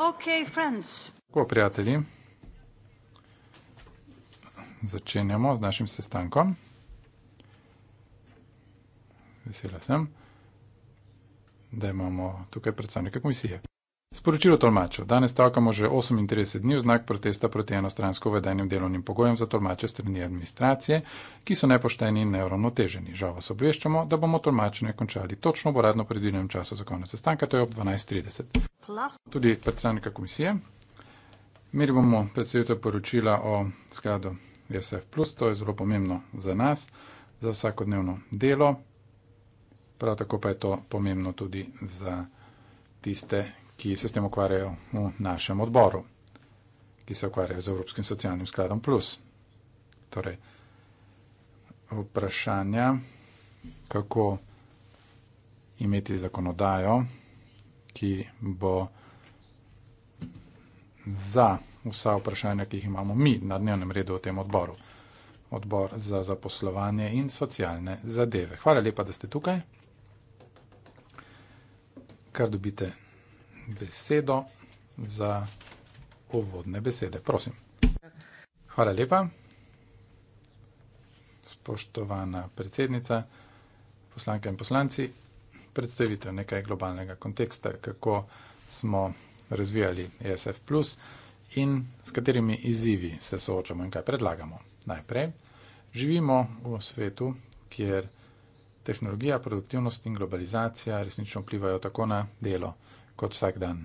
Okay, Ko, prijatelji, začenjamo z našim sestankom. Vesela sem, da imamo tukaj predstavnike komisije. Sporočilo tolmačev. Danes stavkamo že 38 dni v znak protesta proti enostransko uvedenim delovnim pogojem za tolmače strani administracije, ki so nepošteni in neuravnoteženi. Žal vas obveščamo, da bomo tolmačenje končali točno v uradno predvidenem času za konec sestanka, to je ob 12.30. Tudi predstavnika komisije. Imeli bomo predstavitev poročila o skladu JSF, to je zelo pomembno za nas, za vsakodnevno delo. Prav tako pa je to pomembno tudi za tiste, ki se s tem ukvarjajo v našem odboru, ki se ukvarjajo z Evropskim socialnim skladom. Plus. Torej, vprašanja, kako imeti zakonodajo, ki bo za vsa vprašanja, ki jih imamo mi na dnevnem redu v tem odboru. Odbor za zaposlovanje in socialne zadeve. Hvala lepa, da ste tukaj. Kar dobite besedo za uvodne besede. Prosim. Hvala lepa. Spoštovana predsednica, poslanke in poslanci, predstavitev nekaj globalnega konteksta, kako smo razvijali ESF Plus in s katerimi izzivi se soočamo in kaj predlagamo. Najprej, živimo v svetu, kjer tehnologija, produktivnost in globalizacija resnično vplivajo tako na delo kot vsak dan,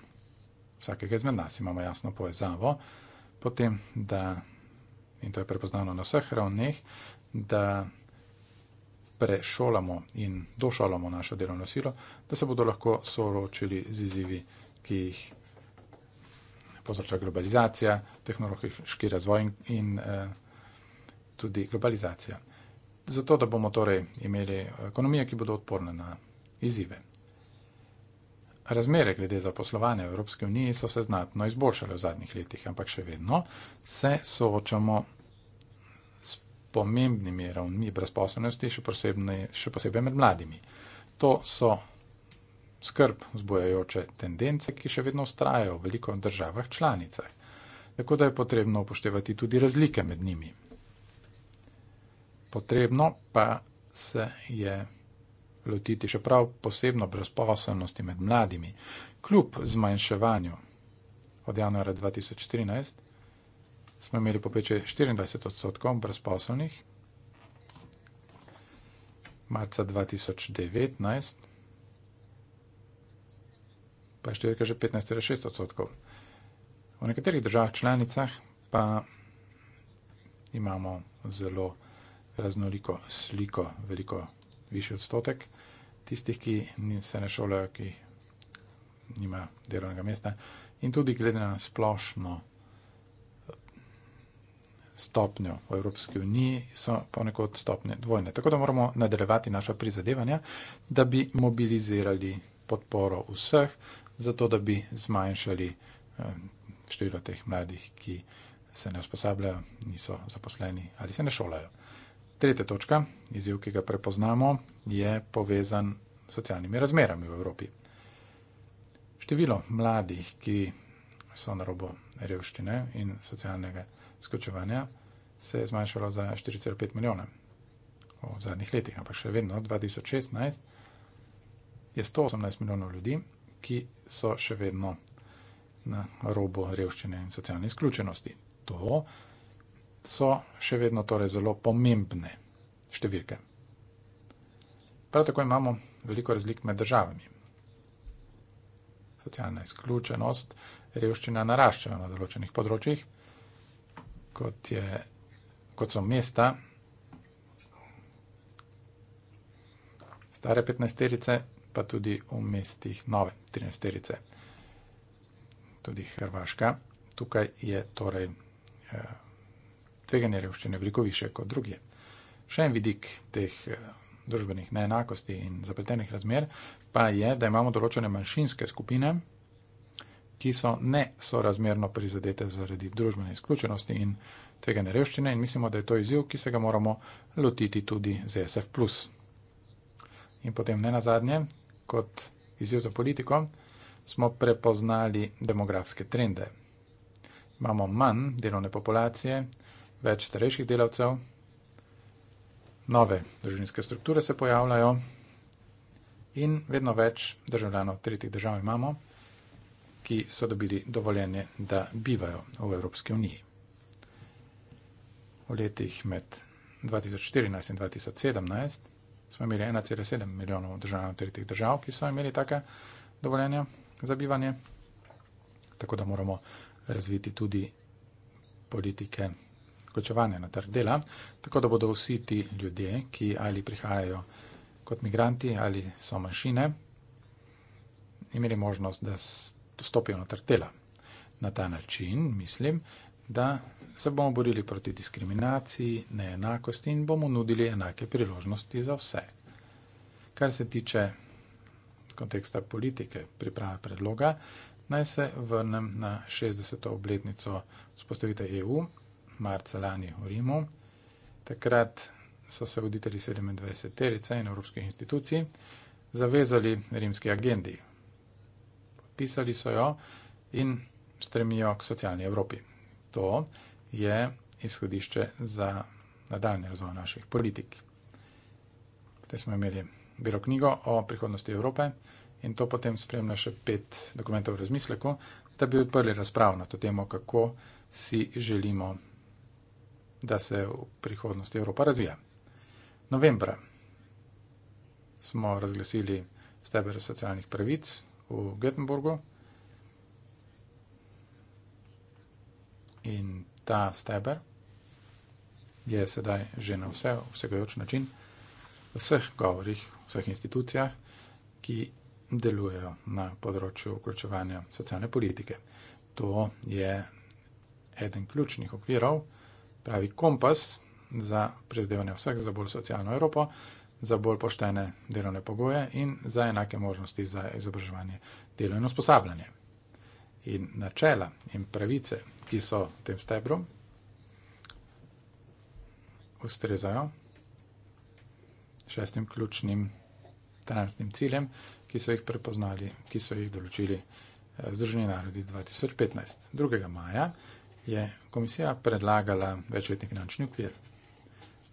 vsakega izmed nas imamo jasno povezavo, potem da, in to je prepoznano na vseh ravneh, da prešolamo in došolamo našo delovno silo, da se bodo lahko soročili z izzivi, ki jih povzroča globalizacija, tehnološki razvoj in, in eh, tudi globalizacija. Zato, da bomo torej imeli eh, ekonomije, ki bodo odporne na izzive. Razmere glede zaposlovanja v Evropski uniji so se znatno izboljšale v zadnjih letih, ampak še vedno se soočamo s pomembnimi ravnmi brezposobnosti, še, še posebej med mladimi. To so skrb zbojajoče tendence, ki še vedno ustrajajo v veliko državah članicah. Tako da je potrebno upoštevati tudi razlike med njimi. Potrebno pa se je lotiti, še prav posebno brezposobnosti med mladimi, kljub zmanjševanju. Od januara 2013 smo imeli popečje 24 odstotkov brezposobnih, marca 2019 pa je številka že 15,6 odstotkov. V nekaterih državah članicah pa imamo zelo raznoliko sliko, veliko višji odstotek tistih, ki se ne šolajo, ki nima delovnega mesta in tudi glede na splošno eh, stopnjo v Evropski uniji so ponekod stopnje dvojne. Tako da moramo nadaljevati naša prizadevanja, da bi mobilizirali podporo vseh, zato da bi zmanjšali eh, število teh mladih, ki se ne usposabljajo, niso zaposleni ali se ne šolajo. Tretja točka, izjiv, ki ga prepoznamo, je povezan s socialnimi razmerami v Evropi. Število mladih, ki so na robu revščine in socialnega skočevanja, se je zmanjšalo za 4,5 milijona v zadnjih letih, ampak še vedno, 2016, je 118 milijonov ljudi, ki so še vedno na robu revščine in socialne izključenosti. To je so še vedno torej zelo pomembne številke. Prav tako imamo veliko razlik med državami. Socialna izključenost, revščina narašča na določenih področjih, kot, je, kot so mesta, stare 15-terice, pa tudi v mestih nove 13-terice. Tudi Hrvaška, tukaj je torej. Eh, tveganje revščine veliko više kot druge. Še en vidik teh eh, družbenih neenakosti in zapletenih razmer pa je, da imamo določene manjšinske skupine, ki so nesorazmerno prizadete zaradi družbene izključenosti in tveganje revščine in mislimo, da je to izziv, ki se ga moramo lotiti tudi z e SF. In potem ne nazadnje, kot izziv za politiko, smo prepoznali demografske trende. Imamo manj delovne populacije, več starejših delavcev, nove družinske strukture se pojavljajo in vedno več državljanov tretjih držav imamo, ki so dobili dovoljenje, da bivajo v Evropski uniji. V letih med 2014 in 2017 smo imeli 1,7 milijonov državljanov tretjih držav, ki so imeli take dovoljenja za bivanje, tako da moramo razviti tudi politike vključevanja na trg dela, tako da bodo vsi ti ljudje, ki ali prihajajo kot migranti ali so manjšine, imeli možnost, da vstopijo na trg dela. Na ta način mislim, da se bomo borili proti diskriminaciji, neenakosti in bomo nudili enake priložnosti za vse. Kar se tiče konteksta politike priprave predloga, naj se vrnem na 60. obletnico spostavitev EU marca lani v Rimu. Takrat so se voditelji 27 terice in evropskih institucij zavezali rimski agendi. Podpisali so jo in stremijo k socialni Evropi. To je izhodišče za nadaljne razvoj naših politik. Potem smo imeli biro knjigo o prihodnosti Evrope in to potem spremlja še pet dokumentov v razmisleku, da bi odprli razpravo na to temo, kako si želimo da se v prihodnosti Evropa razvija. Novembra smo razglasili stebre socialnih pravic v Göteborgu in ta steber je sedaj že na vse, vsegajoč način, v vseh govorih, v vseh institucijah, ki delujejo na področju vključevanja socialne politike. To je eden ključnih okvirov, pravi kompas za prizadevanje vseh za bolj socialno Evropo, za bolj poštene delovne pogoje in za enake možnosti za izobraževanje, delo in usposabljanje. In načela in pravice, ki so v tem stebru, ustrezajo šestim ključnim trajnostnim ciljem, ki so jih prepoznali, ki so jih določili eh, Združeni narodi 2015. 2. maja je komisija predlagala večletni finančni okvir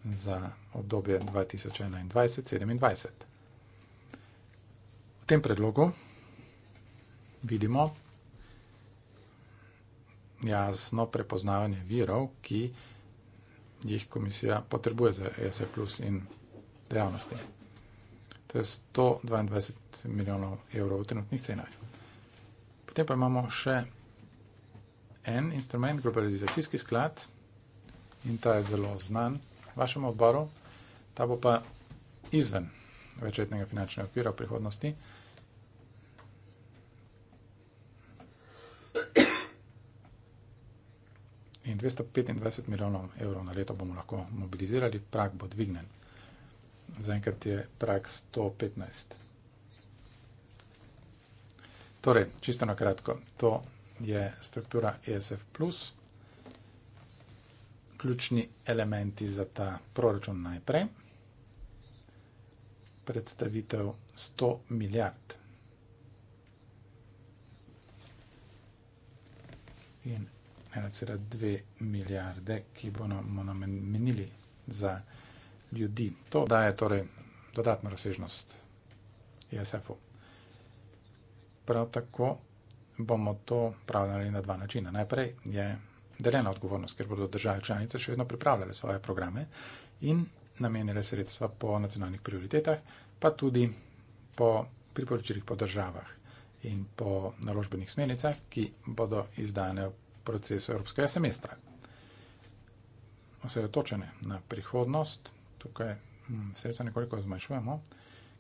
za obdobje 2021-2027. V tem predlogu vidimo jasno prepoznavanje virov, ki jih komisija potrebuje za ESA e plus in dejavnosti. To je 122 milijonov evrov v trenutnih cenah. Potem pa imamo še en instrument, globalizacijski sklad in ta je zelo znan vašemu odboru, ta bo pa izven večletnega finančnega okvira v prihodnosti. In 225 milijonov evrov na leto bomo lahko mobilizirali, prak bo dvignen. Zaenkrat je prak 115. Torej, čisto na kratko, to je struktura ESF. Ključni elementi za ta proračun najprej. Predstavitev 100 milijard. In 1,2 milijarde, ki bomo namenili za ljudi. To daje torej dodatno razsežnost ESF-u. Prav tako bomo to pravili na dva načina. Najprej je deljena odgovornost, ker bodo države članice še vedno pripravljale svoje programe in namenile sredstva po nacionalnih prioritetah, pa tudi po priporočilih po državah in po naložbenih smernicah, ki bodo izdane v procesu evropskega semestra. Osredotočene na prihodnost, tukaj hm, sredstva nekoliko zmanjšujemo,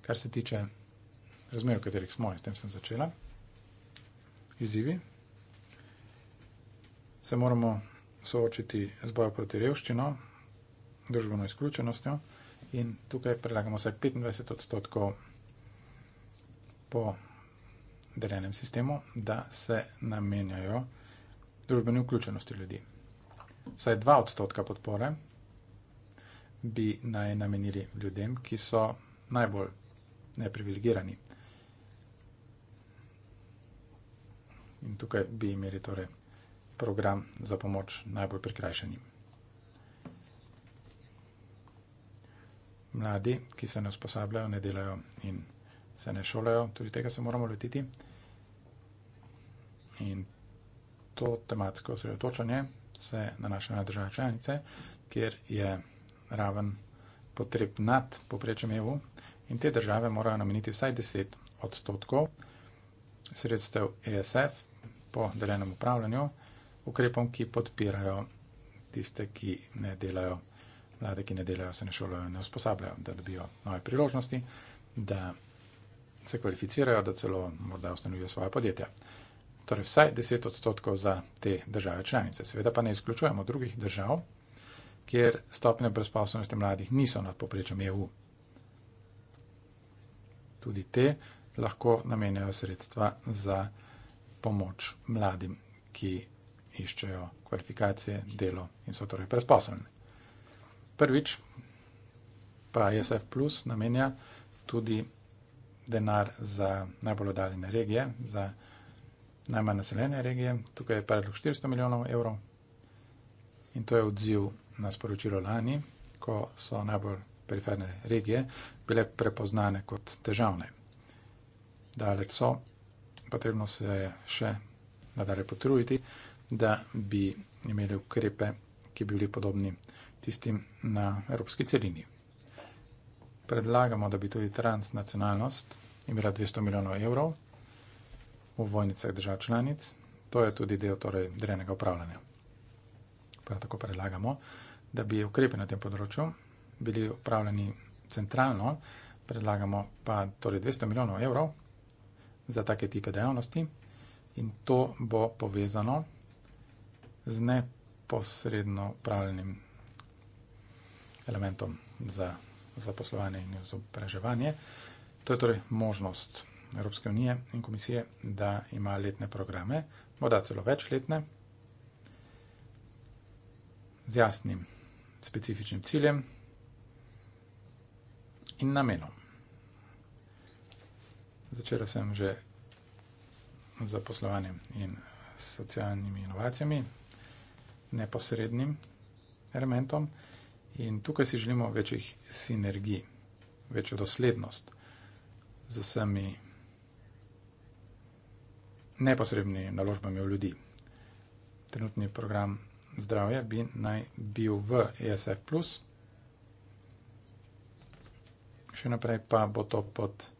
kar se tiče razmer, v katerih smo, s tem sem začela izzivi. Se moramo soočiti z bojo proti revščino, družbeno izključenostjo in tukaj predlagamo vsaj 25 odstotkov po deljenem sistemu, da se namenjajo družbeni vključenosti ljudi. Vsaj 2 odstotka podpore bi naj namenili ljudem, ki so najbolj neprivilegirani. in tukaj bi imeli torej program za pomoč najbolj prikrajšanim. Mladi, ki se ne usposabljajo, ne delajo in se ne šolajo, tudi tega se moramo lotiti. In to tematsko osredotočanje se nanaša na države članice, kjer je raven potreb nad poprečjem EU in te države morajo nameniti vsaj 10 odstotkov sredstev ESF po deljenem upravljanju, ukrepom, ki podpirajo tiste, ki ne delajo, mlade, ki ne delajo, se ne šolajo, ne usposabljajo, da dobijo nove priložnosti, da se kvalificirajo, da celo morda ustanovijo svoje podjetje. Torej vsaj 10 odstotkov za te države članice. Seveda pa ne izključujemo drugih držav, kjer stopne brezposobnosti mladih niso nad poprečjem EU. Tudi te lahko namenjajo sredstva za pomoč mladim, ki iščejo kvalifikacije, delo in so torej brezposobni. Prvič pa e SF Plus namenja tudi denar za najbolj oddaljene regije, za najmanj naseljene regije. Tukaj je predlog 400 milijonov evrov in to je odziv na sporočilo lani, ko so najbolj periferne regije bile prepoznane kot težavne. Daleč so potrebno se je še nadalje potruditi, da bi imeli ukrepe, ki bi bili podobni tistim na evropski celini. Predlagamo, da bi tudi transnacionalnost imela 200 milijonov evrov v vojnicah držav članic. To je tudi del torej drenega upravljanja. Prav tako predlagamo, da bi ukrepe na tem področju bili upravljeni centralno, predlagamo pa torej 200 milijonov evrov za take type dejavnosti in to bo povezano z neposredno upravljenim elementom za zaposlovanje in izobraževanje. To je torej možnost Evropske unije in komisije, da ima letne programe, morda celo večletne, z jasnim specifičnim ciljem in namenom. Začela sem že z zaposlovanjem in socialnimi inovacijami, neposrednim elementom. In tukaj si želimo večjih sinergij, večjo doslednost z vsemi neposrednimi naložbami v ljudi. Trenutni program zdravja bi naj bil v ESF. Še naprej pa bo to pod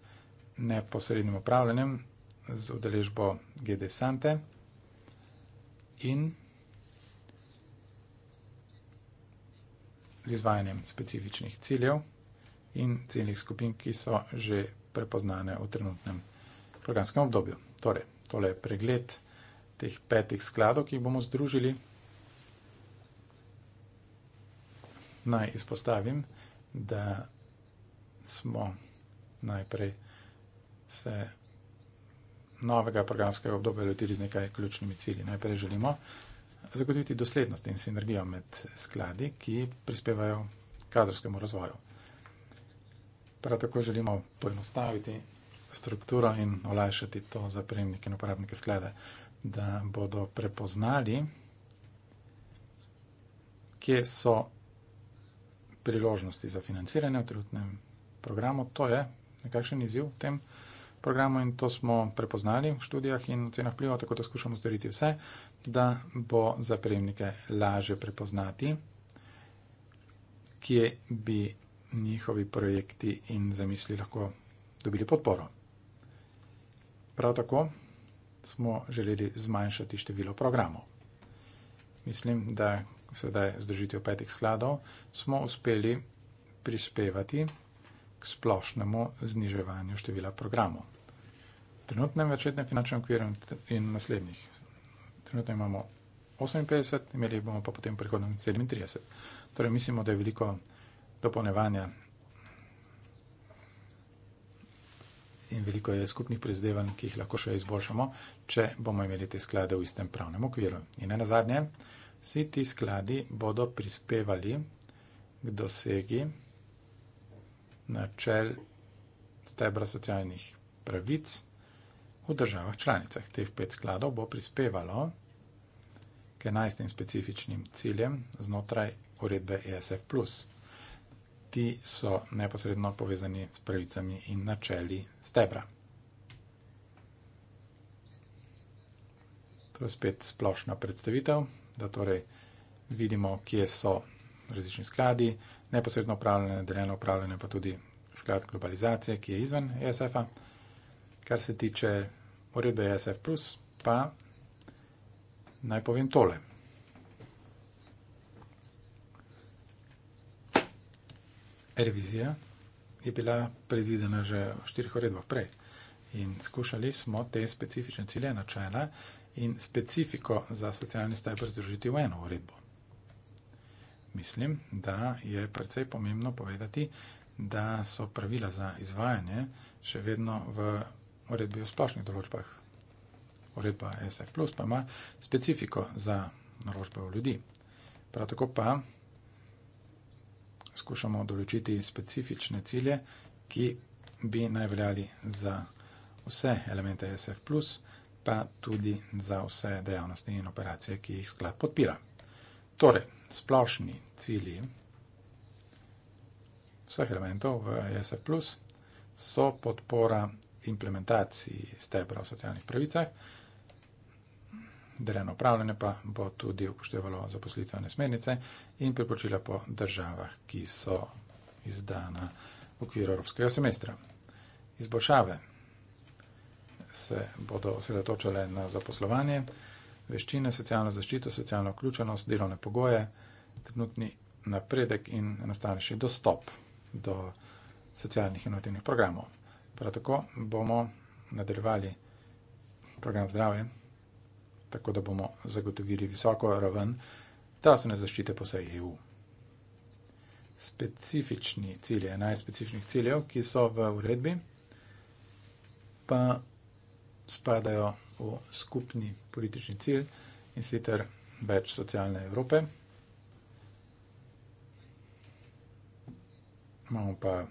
neposrednim upravljanjem z udeležbo GD Sante in z izvajanjem specifičnih ciljev in ciljnih skupin, ki so že prepoznane v trenutnem programskem obdobju. Torej, tole je pregled teh petih skladov, ki jih bomo združili. Naj izpostavim, da smo najprej se novega programskega obdobja lotili z nekaj ključnimi cilji. Najprej želimo zagotoviti doslednost in sinergijo med skladi, ki prispevajo kadrskemu razvoju. Prav tako želimo poenostaviti strukturo in olajšati to za prejemnike in uporabnike sklada, da bodo prepoznali, kje so priložnosti za financiranje v trenutnem programu. To je nekakšen izziv v tem programu programu in to smo prepoznali v študijah in ocenah vplivov, tako da skušamo storiti vse, da bo za prejemnike laže prepoznati, kje bi njihovi projekti in zamisli lahko dobili podporo. Prav tako smo želeli zmanjšati število programov. Mislim, da sedaj združitev petih skladov smo uspeli prispevati k splošnemu zniževanju števila programov. Trenutnem večetnem finančnem okvirom in naslednjih. Trenutno imamo 58, imeli bomo pa potem v prihodnem 37. Torej mislimo, da je veliko dopolnevanja in veliko je skupnih prizadevanj, ki jih lahko še izboljšamo, če bomo imeli te sklade v istem pravnem okviru. In ne nazadnje, vsi ti skladi bodo prispevali k dosegi načel stebra socialnih pravic v državah članicah. Teh pet skladov bo prispevalo k enajstim specifičnim ciljem znotraj uredbe ESF. Ti so neposredno povezani s pravicami in načeli stebra. To je spet splošna predstavitev, da torej vidimo, kje so različni skladi, neposredno upravljanje, deljeno upravljanje, pa tudi sklad globalizacije, ki je izven ESF-a. Kar se tiče uredbe ESF, pa naj povem tole. Revizija je bila predvidena že v štirih uredbah prej in skušali smo te specifične cilje, načela in specifiko za socialni stebr združiti v eno uredbo. Mislim, da je predvsej pomembno povedati, da so pravila za izvajanje še vedno v uredbi o splošnih določbah. Uredba SF, pa ima specifiko za naložbe v ljudi. Prav tako pa skušamo določiti specifične cilje, ki bi naj veljali za vse elemente SF, pa tudi za vse dejavnosti in operacije, ki jih sklad podpira. Torej, splošni cilji vseh elementov v ESF Plus so podpora implementaciji stebra v socialnih pravicah, deljeno upravljanje pa bo tudi upoštevalo zaposlitvene smernice in priporočila po državah, ki so izdana v okviru Evropskega semestra. Izboljšave se bodo osredotočale na zaposlovanje, veščine, socialno zaščito, socialno vključenost, delovne pogoje, trenutni napredek in enostavnejši dostop do socialnih inovativnih programov. Prav tako bomo nadaljevali program zdravje, tako da bomo zagotovili visoko raven zdravstvene zaščite po vsej EU. Specifični cilje, enaj specifičnih ciljev, ki so v uredbi, pa spadajo v skupni politični cilj in sicer več socialne Evrope. Imamo pa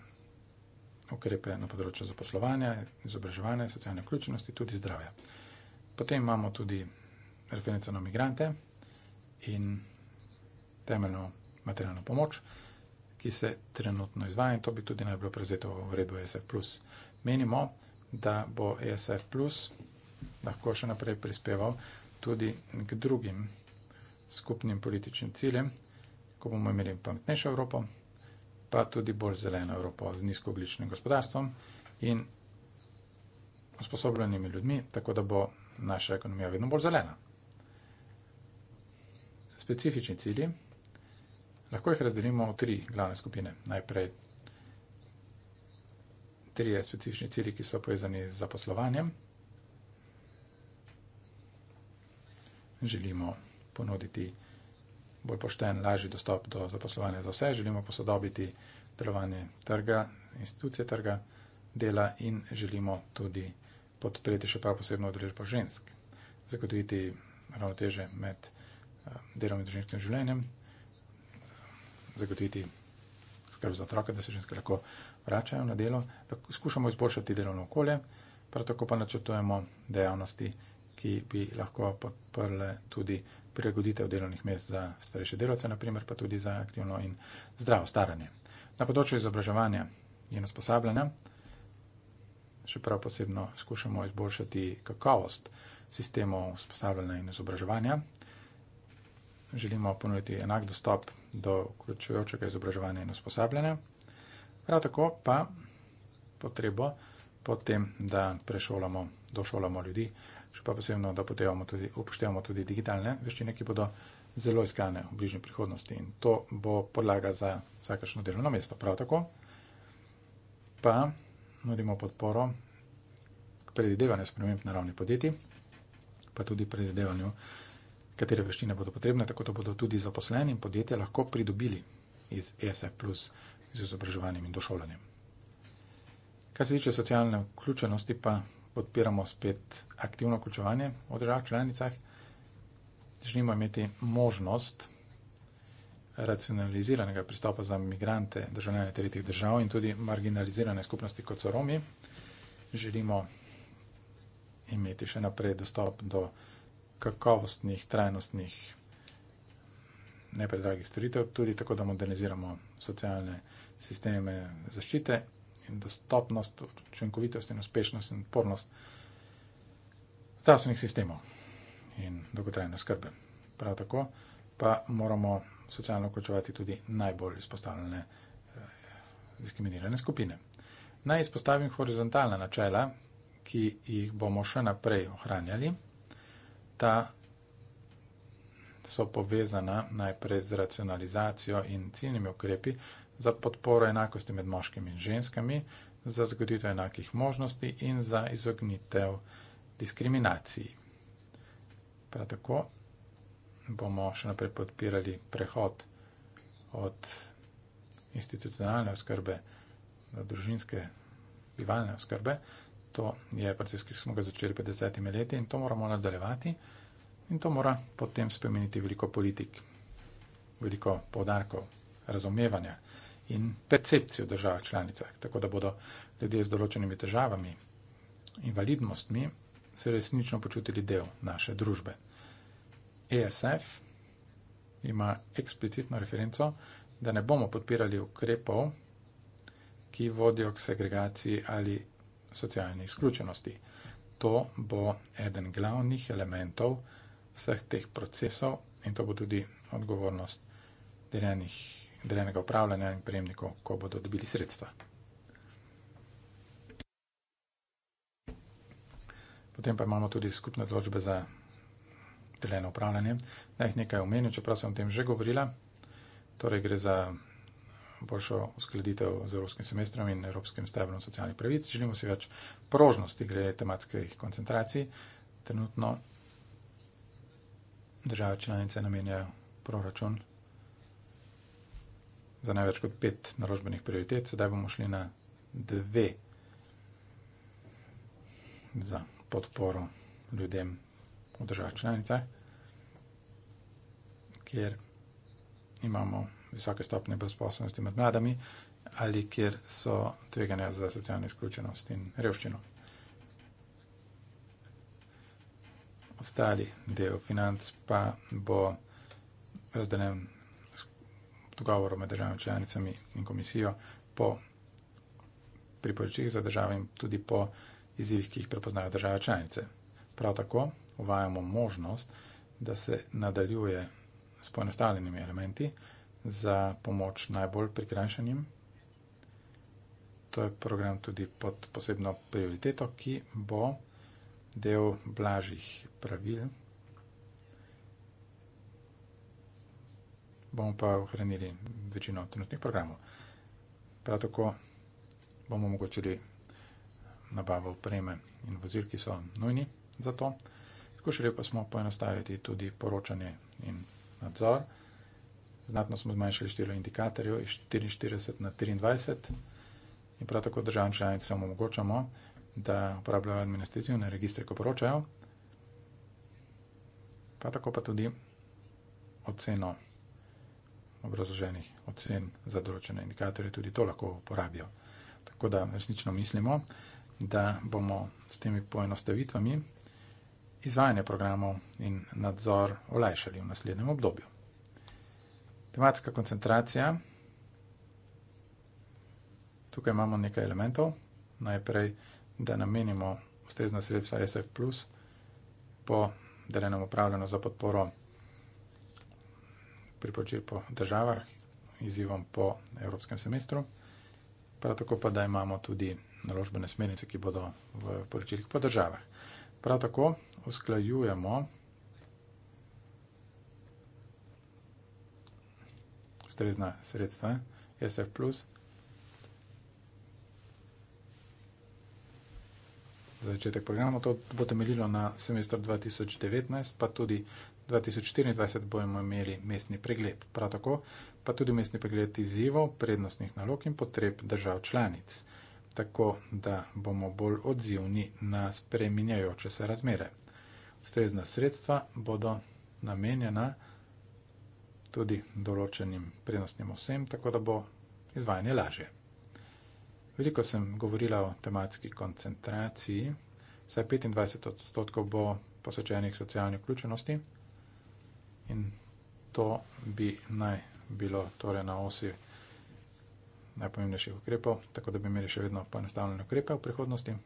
ukrepe na področju zaposlovanja, izobraževanja, socialne vključenosti, tudi zdravja. Potem imamo tudi referenco na migrante in temeljno materialno pomoč, ki se trenutno izvaja in to bi tudi naj bilo prezeto v redu ESF. Menimo, da bo ESF plus lahko še naprej prispeval tudi k drugim skupnim političnim ciljem, ko bomo imeli pametnejšo Evropo, pa tudi bolj zeleno Evropo z nizkogličnim gospodarstvom in usposobljenimi ljudmi, tako da bo naša ekonomija vedno bolj zelena. Specifični cilji, lahko jih razdelimo v tri glavne skupine. Najprej trije specifični cilji, ki so povezani z zaposlovanjem. Želimo ponuditi bolj pošten, lažji dostop do zaposlovanja za vse, želimo posodobiti delovanje trga, institucije trga dela in želimo tudi podpreti še prav posebno odrežbo žensk, zagotoviti ravnoteže med eh, delom in družinskim življenjem, zagotoviti skrb za otroka, da se ženske lahko vračajo na delo, skušamo izboljšati delovno okolje, prav tako pa načrtujemo dejavnosti, ki bi lahko podprle tudi prilagoditev delovnih mest za starejše delovce, naprimer pa tudi za aktivno in zdravo staranje. Na področju izobraževanja in usposabljanja, še prav posebno skušamo izboljšati kakovost sistemov usposabljanja in izobraževanja. Želimo ponuditi enak dostop do vključujočega izobraževanja in usposabljanja. Prav tako pa potrebo potem, da prešolamo, došolamo ljudi, še pa posebno, da tudi, upoštevamo tudi digitalne veščine, ki bodo zelo iskane v bližnji prihodnosti in to bo podlaga za vsakašno delovno mesto. Prav tako pa nudimo podporo k predidevanju sprememb na ravni podjetij, pa tudi predidevanju, katere veščine bodo potrebne, tako da bodo tudi zaposleni in podjetje lahko pridobili iz ESF plus z izobraževanjem in došolanjem. Kar se tiče socialne vključenosti, pa podpiramo spet aktivno vključevanje v državah članicah. Želimo imeti možnost racionaliziranega pristopa za migrante, državljane tretjih držav in tudi marginalizirane skupnosti kot so Romi. Želimo imeti še naprej dostop do kakovostnih, trajnostnih nepredragih storitev, tudi tako, da moderniziramo socialne sisteme zaščite in dostopnost, učinkovitost in uspešnost in odpornost zdravstvenih sistemov in dolgotrajne skrbe. Prav tako pa moramo socialno vključevati tudi najbolj izpostavljene eh, diskriminirane skupine. Naj izpostavim horizontalna načela, ki jih bomo še naprej ohranjali. Ta so povezana najprej z racionalizacijo in ciljnimi ukrepi za podporo enakosti med moškimi in ženskami, za zgoditev enakih možnosti in za izognitev diskriminaciji. Prav tako bomo še naprej podpirali prehod od institucionalne oskrbe do družinske bivalne oskrbe. To je proces, ki smo ga začeli pred desetimi leti in to moramo nadaljevati. In to mora potem spremeniti veliko politik, veliko podarkov, razumevanja in percepcijo držav članicah, tako da bodo ljudje z določenimi težavami, invalidnostmi, se resnično počutili del naše družbe. ESF ima eksplicitno referenco, da ne bomo podpirali ukrepov, ki vodijo k segregaciji ali socialni izključenosti. To bo eden glavnih elementov, vseh teh procesov in to bo tudi odgovornost delenih, delenega upravljanja in prejemnikov, ko bodo dobili sredstva. Potem pa imamo tudi skupne odločbe za deleno upravljanje. Naj jih nekaj omenim, čeprav sem o tem že govorila. Torej gre za boljšo uskladitev z Evropskim semestrom in Evropskim stebrom socialnih pravic. Želimo si več prožnosti, glede tematskih koncentracij. Trenutno države članice namenjajo proračun za največ kot pet naložbenih prioritet. Sedaj bomo šli na dve za podporo ljudem v državah članicah, kjer imamo visoke stopnje brezposobnosti med mladami ali kjer so tveganja za socialno izključenost in revščino. ostali del financ pa bo razdeljen s dogovorom med državami članicami in komisijo po priporočilih za države in tudi po izzivih, ki jih prepoznajo države članice. Prav tako uvajamo možnost, da se nadaljuje s poenostavljenimi elementi za pomoč najbolj prikrajšanim. To je program tudi pod posebno prioriteto, ki bo del blažjih pravil. Bomo pa ohranili večino trenutnih programov. Prav tako bomo omogočili nabavo opreme in vozil, ki so nujni za to. Skušali pa smo poenostaviti tudi poročanje in nadzor. Znatno smo zmanjšali število indikatorjev iz 44 na 23 in prav tako državnim članicam omogočamo, da uporabljajo administrativne registre, ko poročajo, pa tako pa tudi oceno obrazoženih ocen za določene indikatorje, tudi to lahko uporabijo. Tako da resnično mislimo, da bomo s temi poenostavitvami izvajanje programov in nadzor olajšali v naslednjem obdobju. Tematska koncentracija. Tukaj imamo nekaj elementov. Najprej da namenimo ustrezna sredstva SF, po delenem upravljanju za podporo priporočil po državah, izzivom po evropskem semestru, prav tako pa da imamo tudi naložbene smernice, ki bodo v poročilih po državah. Prav tako usklajujemo. Strezna sredstva SF, začetek programa. To bo temeljilo na semestru 2019, pa tudi 2024 bomo imeli mestni pregled. Prav tako pa tudi mestni pregled izzivov, prednostnih nalog in potreb držav članic, tako da bomo bolj odzivni na spreminjajoče se razmere. Strezna sredstva bodo namenjena tudi določenim prednostnim vsem, tako da bo izvajanje lažje. Veliko sem govorila o tematski koncentraciji, saj 25 odstotkov bo posvečenih socialni vključenosti in to bi naj bilo torej na osi najpomembnejših ukrepov, tako da bi imeli še vedno poenostavljene ukrepe v prihodnosti.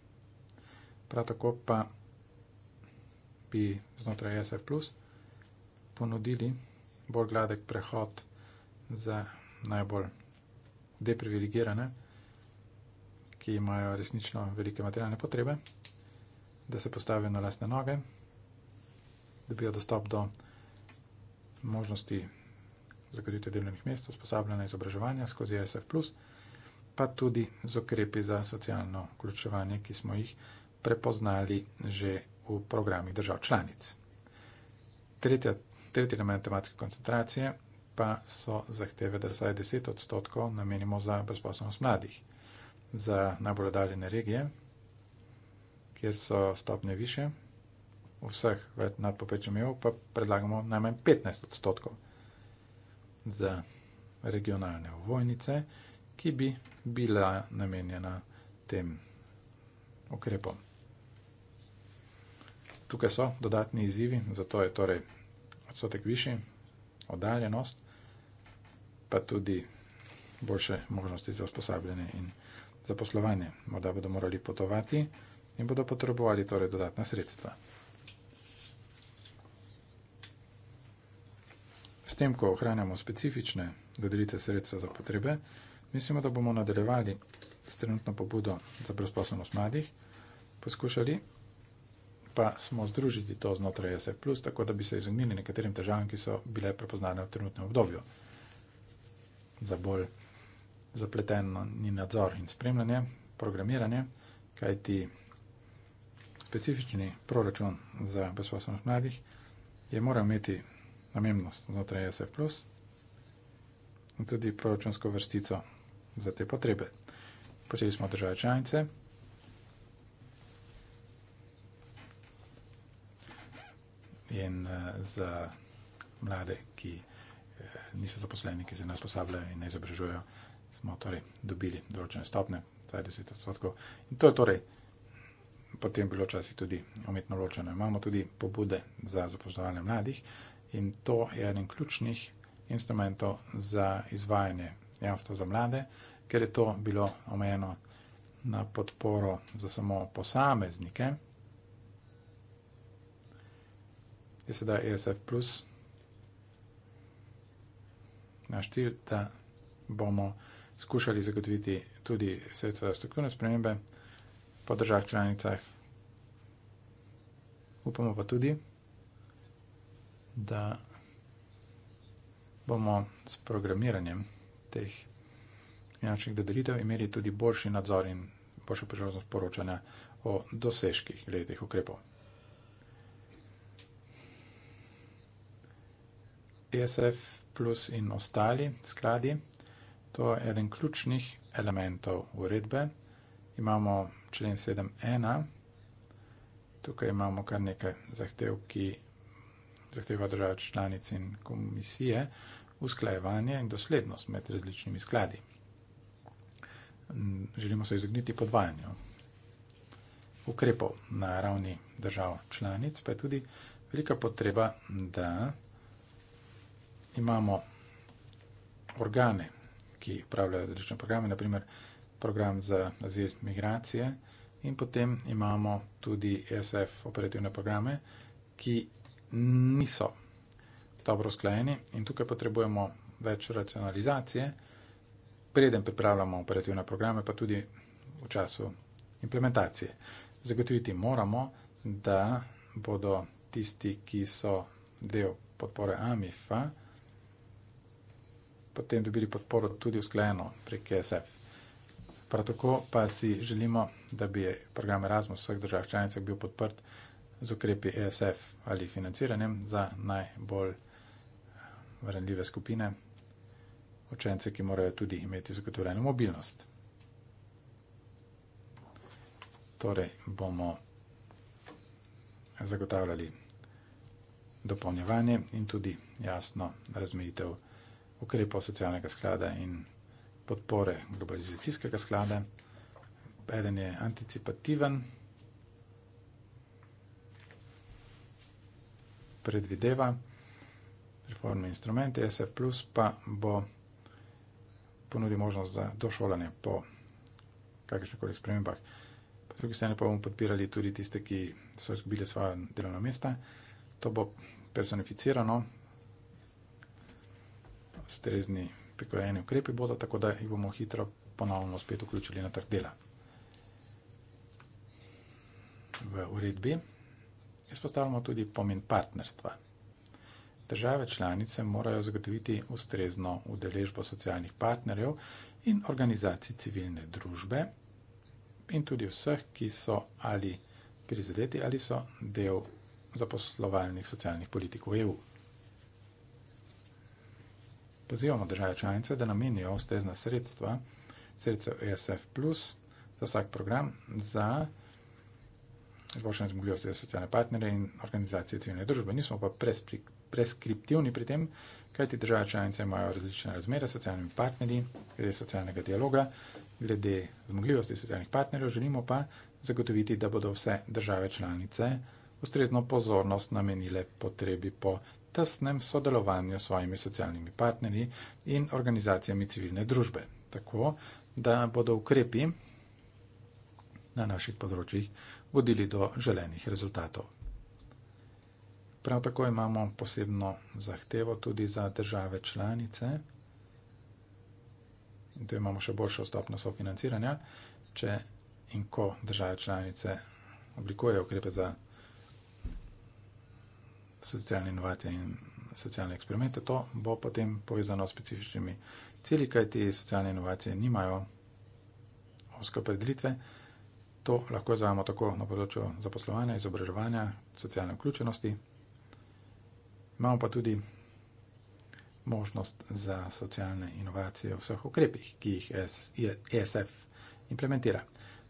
Prav tako pa bi znotraj SF Plus ponudili bolj gladek prehod za najbolj deprivilegirane, ki imajo resnično velike materialne potrebe, da se postavijo na lastne noge, dobijo dostop do možnosti zagotovitve delovnih mest, usposabljanja in izobraževanja skozi SF, pa tudi z ukrepi za socialno vključevanje, ki smo jih prepoznali že v programih držav članic. Tretja, tretji element tematske koncentracije pa so zahteve, da saj 10 odstotkov namenimo za brezposobnost mladih za najbolj oddaljene regije, kjer so stopnje više, vseh nadpopečem EU pa predlagamo najmanj 15 odstotkov za regionalne ovojnice, ki bi bila namenjena tem ukrepom. Tukaj so dodatni izzivi, zato je torej odstotek višji, oddaljenost, pa tudi boljše možnosti za usposabljanje in vsega zaposlovanje, morda bodo morali potovati in bodo potrebovali torej dodatna sredstva. S tem, ko ohranjamo specifične dodelitve sredstva za potrebe, mislimo, da bomo nadaljevali s trenutno pobudo za brezposobnost mladih, poskušali pa smo združili to znotraj SF+, e tako da bi se izognili nekaterim težavam, ki so bile prepoznane v trenutnem obdobju za bolj zapleteno no, ni nadzor in spremljanje, programiranje, kajti specifični proračun za brezposobnost mladih je moral imeti namennost znotraj SF, in tudi proračunsko vrstico za te potrebe. Počeli smo države članice. In eh, za mlade, ki eh, niso zaposleni, ki se ne usposabljajo in ne izobražujejo, smo torej dobili določene stopne, vsaj 10 odstotkov. In to je torej potem bilo včasih tudi umetno ločeno. Imamo tudi pobude za zapoznavanje mladih in to je eden ključnih instrumentov za izvajanje javstva za mlade, ker je to bilo omejeno na podporo za samo posameznike. Je sedaj ESF. Naš cilj, da bomo skušali zagotoviti tudi sredstva za strukturne spremembe po državah članicah. Upamo pa tudi, da bomo s programiranjem teh finančnih dodelitev imeli tudi boljši nadzor in boljšo priložnost poročanja o dosežkih glede teh ukrepov. ESF plus in ostali skladi To je eden ključnih elementov uredbe. Imamo člen 7.1, tukaj imamo kar nekaj zahtev, ki zahteva država članic in komisije, usklajevanje in doslednost med različnimi skladi. Želimo se izogniti podvajanju ukrepov na ravni držav članic, pa je tudi velika potreba, da imamo organe ki upravljajo različne programe, naprimer program za azil migracije, in potem imamo tudi e SF operativne programe, ki niso dobro sklajeni in tukaj potrebujemo več racionalizacije, preden pripravljamo operativne programe, pa tudi v času implementacije. Zagotoviti moramo, da bodo tisti, ki so del podpore AMIF-a, potem dobili podporo tudi usklajeno prek ESF. Prav tako pa si želimo, da bi program Erasmus v vseh državah članicah bil podprt z ukrepi ESF ali financiranjem za najbolj vrnljive eh, skupine, učence, ki morajo tudi imeti zagotovljeno mobilnost. Torej bomo zagotavljali dopolnjevanje in tudi jasno razmejitev ukrepov socialnega sklada in podpore globalizacijskega sklada. Eden je anticipativen, predvideva reforme instrumente, SF, pa bo ponudil možnost za došolanje po kakršnih koli spremembah. Po drugi strani pa bomo podpirali tudi tiste, ki so izgubili svoje delovno mesto. To bo personificirano, strezni prikojeni ukrepi bodo, tako da jih bomo hitro ponovno spet vključili na trg dela. V uredbi izpostavljamo tudi pomen partnerstva. Države članice morajo zagotoviti ustrezno udeležbo socialnih partnerjev in organizacij civilne družbe in tudi vseh, ki so ali prizadeti ali so del zaposlovalnih socialnih politik v EU pozivamo države članice, da namenijo ustezna sredstva, sredstva ESF, za vsak program, za izboljšanje zmogljivosti za socialne partnere in organizacije civilne družbe. Nismo pa preskriptivni pri tem, kajti države članice imajo različne razmere s socialnimi partnerji, glede socialnega dialoga, glede zmogljivosti socialnih partnerjev, želimo pa zagotoviti, da bodo vse države članice ustrezno pozornost namenile potrebi po tesnem sodelovanju s svojimi socialnimi partnerji in organizacijami civilne družbe, tako da bodo ukrepi na naših področjih vodili do želenih rezultatov. Prav tako imamo posebno zahtevo tudi za države članice, in tu imamo še boljšo stopno sofinanciranja, če in ko države članice oblikujejo ukrepe za socialne inovacije in socialne eksperimente. To bo potem povezano s specifičnimi cilji, kaj te socialne inovacije nimajo oske predelitve. To lahko izvajamo tako na področju zaposlovanja, izobraževanja, socialne vključenosti. Imamo pa tudi možnost za socialne inovacije v vseh ukrepih, ki jih ESF e implementira.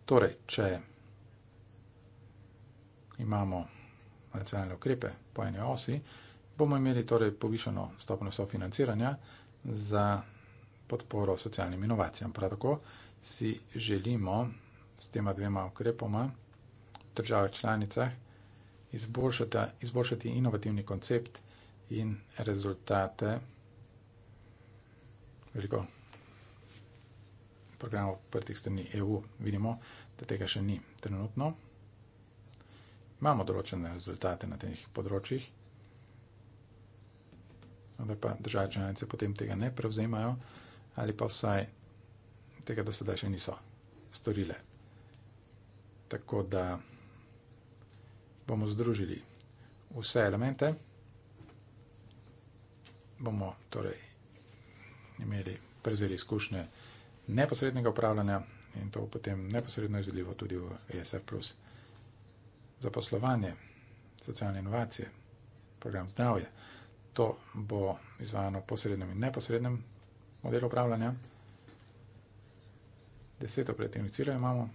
Torej, če imamo nacionalne ukrepe po eni osi, bomo imeli torej povišeno stopno sofinanciranja za podporo socialnim inovacijam. Prav tako si želimo s tema dvema ukrepoma v državah članicah izboljšati, izboljšati inovativni koncept in rezultate veliko programov prtih strani EU. Vidimo, da tega še ni trenutno imamo določene rezultate na teh področjih. Ali pa države članice potem tega ne prevzemajo, ali pa vsaj tega do sedaj še niso storile. Tako da bomo združili vse elemente, bomo torej imeli prevzeli izkušnje neposrednega upravljanja in to potem neposredno izvedljivo tudi v ESR zaposlovanje, socialne inovacije, program zdravje. To bo izvajano posrednem in neposrednem modelu upravljanja. Deset operativnih ciljev imamo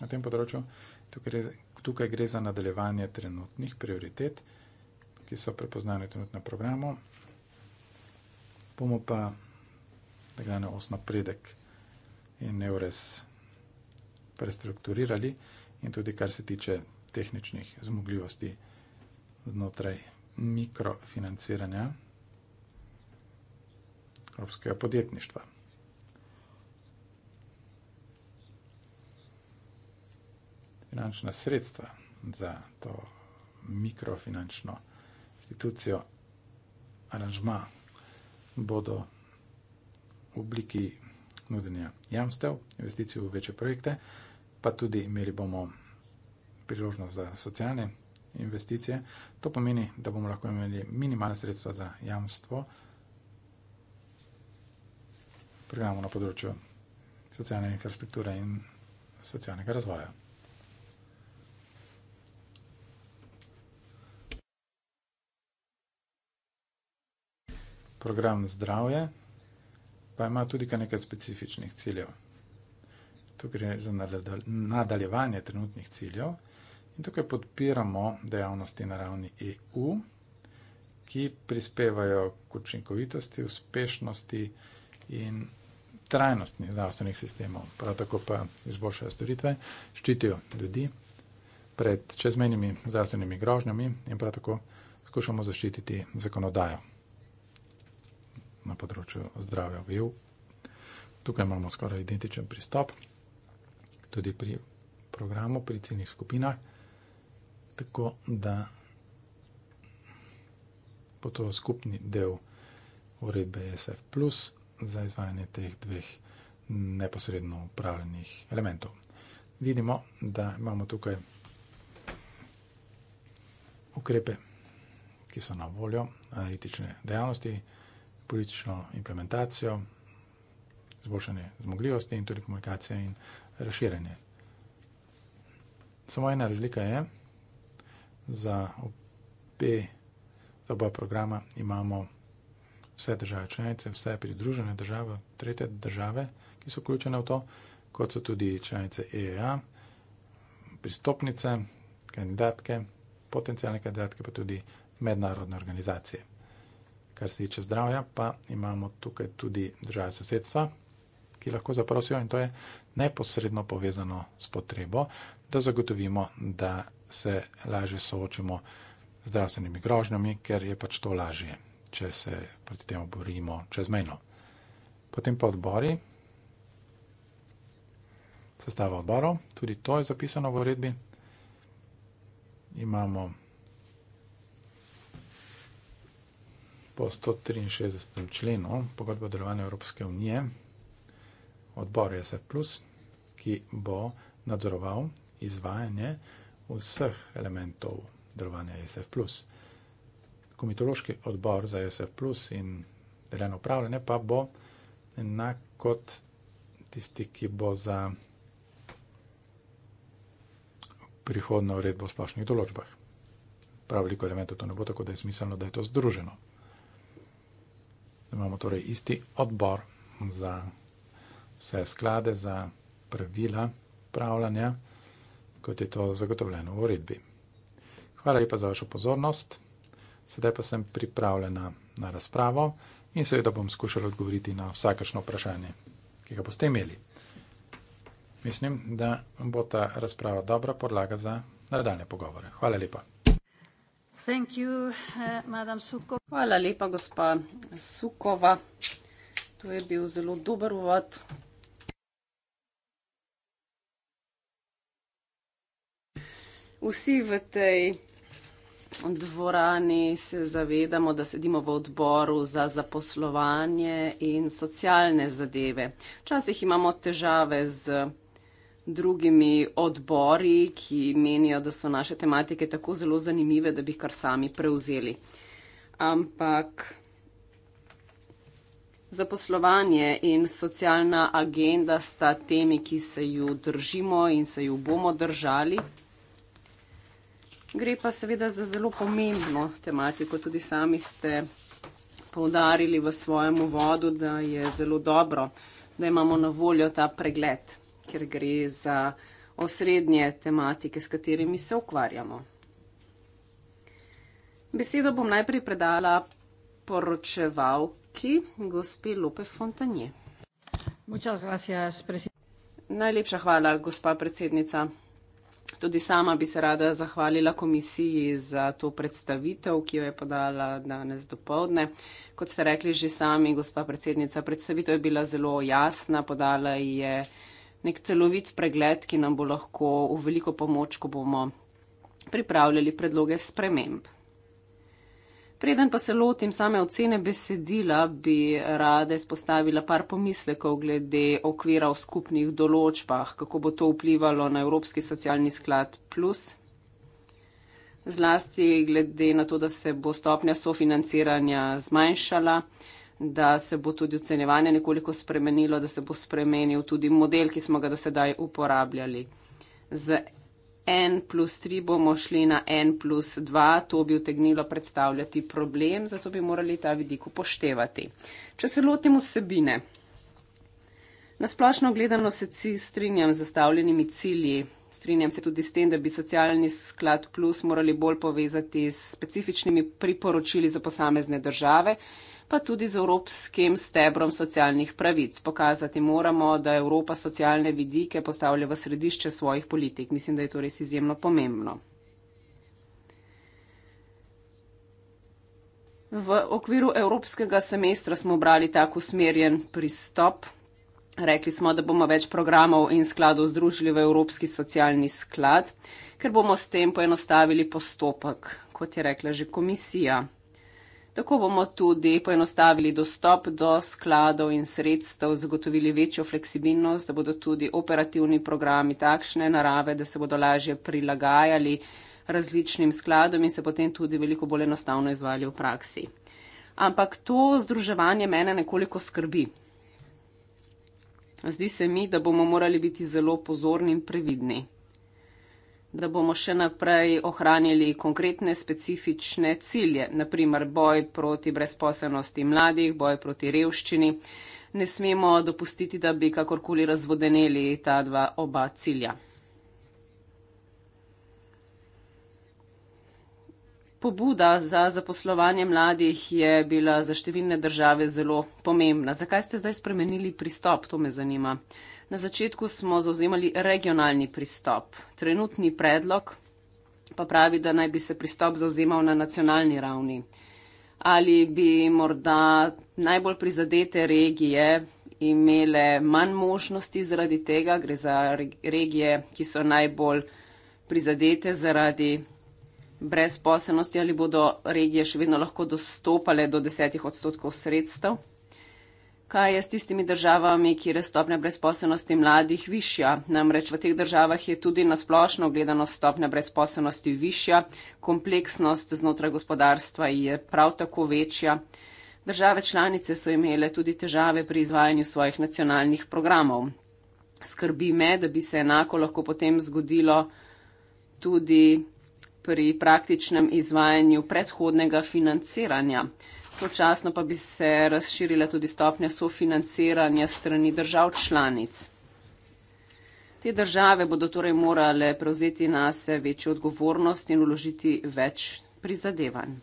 na tem področju. Tukaj gre, tukaj gre za nadaljevanje trenutnih prioritet, ki so prepoznane trenutno na programu. Bomo pa takdane osnopredek in neures prestrukturirali in tudi kar se tiče tehničnih zmogljivosti znotraj mikrofinanciranja evropskega podjetništva. Finančna sredstva za to mikrofinančno institucijo, aranžma, bodo v obliki nudenja jamstev, investicij v večje projekte pa tudi imeli bomo priložnost za socialne investicije. To pomeni, da bomo lahko imeli minimalne sredstva za jamstvo programu na področju socialne infrastrukture in socialnega razvoja. Program zdravje pa ima tudi kar nekaj specifičnih ciljev tu gre za nadaljevanje trenutnih ciljev. In tukaj podpiramo dejavnosti na ravni EU, ki prispevajo k učinkovitosti, uspešnosti in trajnosti zdravstvenih sistemov, prav tako pa izboljšajo storitve, ščitijo ljudi pred čezmenjimi zdravstvenimi grožnjami in prav tako skušamo zaščititi zakonodajo na področju zdravja v EU. Tukaj imamo skoraj identičen pristop tudi pri programu, pri ciljnih skupinah. Tako da bo to skupni del uredbe SF, za izvajanje teh dveh neposredno upravljenih elementov. Vidimo, da imamo tukaj ukrepe, ki so na voljo, analitične dejavnosti, politično implementacijo, izboljšanje zmogljivosti in tudi komunikacije in razširjenje. Samo ena razlika je, za, obe, za oba programa imamo vse države članice, vse pridružene države, tretje države, ki so vključene v to, kot so tudi članice EEA, pristopnice, kandidatke, potencijalne kandidatke, pa tudi mednarodne organizacije. Kar se tiče zdravja, pa imamo tukaj tudi države sosedstva, ki lahko zaprosijo, in to je neposredno povezano s potrebo, da zagotovimo, da se lažje soočimo z zdravstvenimi grožnjami, ker je pač to lažje, če se proti temu borimo čezmejno. Potem pa odbori, sestava odborov, tudi to je zapisano v uredbi. Imamo po 163. členu pogodbe o delovanju Evropske unije odbor e SF, ki bo nadzoroval izvajanje vseh elementov delovanja e SF. Komitološki odbor za e SF in deljeno upravljanje pa bo enak kot tisti, ki bo za prihodno uredbo o splošnih določbah. Prav veliko elementov to ne bo, tako da je smiselno, da je to združeno. Imamo torej isti odbor za vse sklade za pravila upravljanja, kot je to zagotovljeno v uredbi. Hvala lepa za vašo pozornost, sedaj pa sem pripravljena na razpravo in seveda bom skušala odgovoriti na vsakašno vprašanje, ki ga boste imeli. Mislim, da bo ta razprava dobra podlaga za nadaljne pogovore. Hvala lepa. Thank you, uh, Hvala lepa, gospa Sukova. To je bil zelo dober uvod vsi v tej dvorani se zavedamo, da sedimo v odboru za zaposlovanje in socialne zadeve. Včasih imamo težave z drugimi odbori, ki menijo, da so naše tematike tako zelo zanimive, da bi jih kar sami prevzeli. Ampak zaposlovanje in socialna agenda sta temi, ki se ju držimo in se ju bomo držali. Gre pa seveda za zelo pomembno tematiko. Tudi sami ste poudarili v svojem uvodu, da je zelo dobro, da imamo na voljo ta pregled, ker gre za osrednje tematike, s katerimi se ukvarjamo. Besedo bom najprej predala poročevalki gospe Lope Fontanje. Najlepša hvala, gospa predsednica. Tudi sama bi se rada zahvalila komisiji za to predstavitev, ki jo je podala danes do povdne. Kot ste rekli že sami, gospa predsednica, predstavitev je bila zelo jasna, podala je nek celovit pregled, ki nam bo lahko v veliko pomoč, ko bomo pripravljali predloge sprememb. Preden pa se lotim same ocene besedila, bi rada izpostavila par pomislekov glede okvira v skupnih določbah, kako bo to vplivalo na Evropski socialni sklad plus. Zlasti glede na to, da se bo stopnja sofinanciranja zmanjšala, da se bo tudi ocenjevanje nekoliko spremenilo, da se bo spremenil tudi model, ki smo ga do sedaj uporabljali. Z en plus tri bomo šli na en plus dva, to bi utegnilo predstavljati problem, zato bi morali ta vidik upoštevati. Če se lotimo vsebine. Nasplošno gledano se ci strinjam z zastavljenimi cilji. Strinjam se tudi s tem, da bi socialni sklad plus morali bolj povezati s specifičnimi priporočili za posamezne države pa tudi z evropskim stebrom socialnih pravic. Pokazati moramo, da Evropa socialne vidike postavlja v središče svojih politik. Mislim, da je to res izjemno pomembno. V okviru evropskega semestra smo obrali tako usmerjen pristop. Rekli smo, da bomo več programov in skladov združili v Evropski socialni sklad, ker bomo s tem poenostavili postopek, kot je rekla že komisija. Tako bomo tudi poenostavili dostop do skladov in sredstev, zagotovili večjo fleksibilnost, da bodo tudi operativni programi takšne narave, da se bodo lažje prilagajali različnim skladom in se potem tudi veliko bolj enostavno izvali v praksi. Ampak to združevanje mene nekoliko skrbi. Zdi se mi, da bomo morali biti zelo pozorni in previdni da bomo še naprej ohranili konkretne specifične cilje, naprimer boj proti brezposelnosti mladih, boj proti revščini. Ne smemo dopustiti, da bi kakorkoli razvodeneli ta dva oba cilja. Pobuda za zaposlovanje mladih je bila za številne države zelo pomembna. Zakaj ste zdaj spremenili pristop? To me zanima. Na začetku smo zauzemali regionalni pristop. Trenutni predlog pa pravi, da naj bi se pristop zauzemal na nacionalni ravni. Ali bi morda najbolj prizadete regije imele manj možnosti zaradi tega, gre za regije, ki so najbolj prizadete zaradi brezposelnosti, ali bodo regije še vedno lahko dostopale do desetih odstotkov sredstev? Kaj je s tistimi državami, kjer je stopnja brezposelnosti mladih višja? Namreč v teh državah je tudi nasplošno gledano stopnja brezposelnosti višja, kompleksnost znotraj gospodarstva je prav tako večja. Države članice so imele tudi težave pri izvajanju svojih nacionalnih programov. Skrbi me, da bi se enako lahko potem zgodilo tudi pri praktičnem izvajanju predhodnega financiranja sočasno pa bi se razširila tudi stopnja sofinanciranja strani držav članic. Te države bodo torej morale prevzeti na se večjo odgovornost in uložiti več prizadevanj.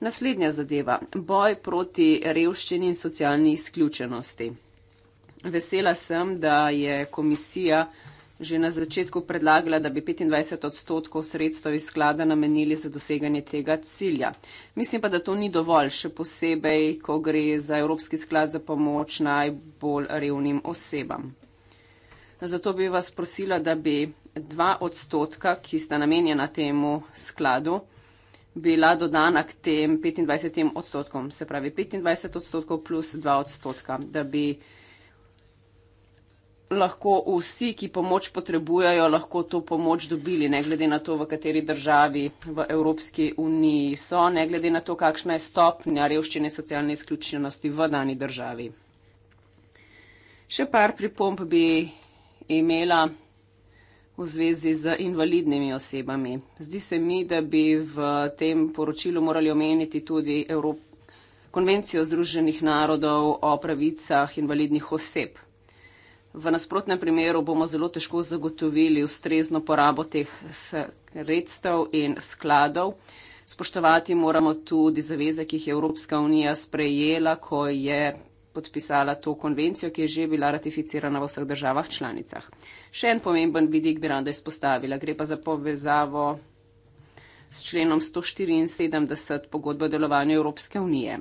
Naslednja zadeva. Boj proti revščini in socialni izključenosti. Vesela sem, da je komisija že na začetku predlagala, da bi 25 odstotkov sredstev iz sklada namenili za doseganje tega cilja. Mislim pa, da to ni dovolj, še posebej, ko gre za Evropski sklad za pomoč najbolj revnim osebam. Zato bi vas prosila, da bi dva odstotka, ki sta namenjena temu skladu, bila dodana k tem 25 odstotkom, se pravi 25 odstotkov plus 2 odstotka, da bi lahko vsi, ki pomoč potrebujejo, lahko to pomoč dobili, ne glede na to, v kateri državi v Evropski uniji so, ne glede na to, kakšna je stopnja revščine socialne izključenosti v dani državi. Še par pripomp bi imela v zvezi z invalidnimi osebami. Zdi se mi, da bi v tem poročilu morali omeniti tudi Evrop Konvencijo Združenih narodov o pravicah invalidnih oseb. V nasprotnem primeru bomo zelo težko zagotovili ustrezno porabo teh sredstev in skladov. Spoštovati moramo tudi zaveze, ki jih je Evropska unija sprejela, ko je podpisala to konvencijo, ki je že bila ratificirana v vseh državah članicah. Še en pomemben vidik bi rada izpostavila. Gre pa za povezavo s členom 174 pogodbe o delovanju Evropske unije.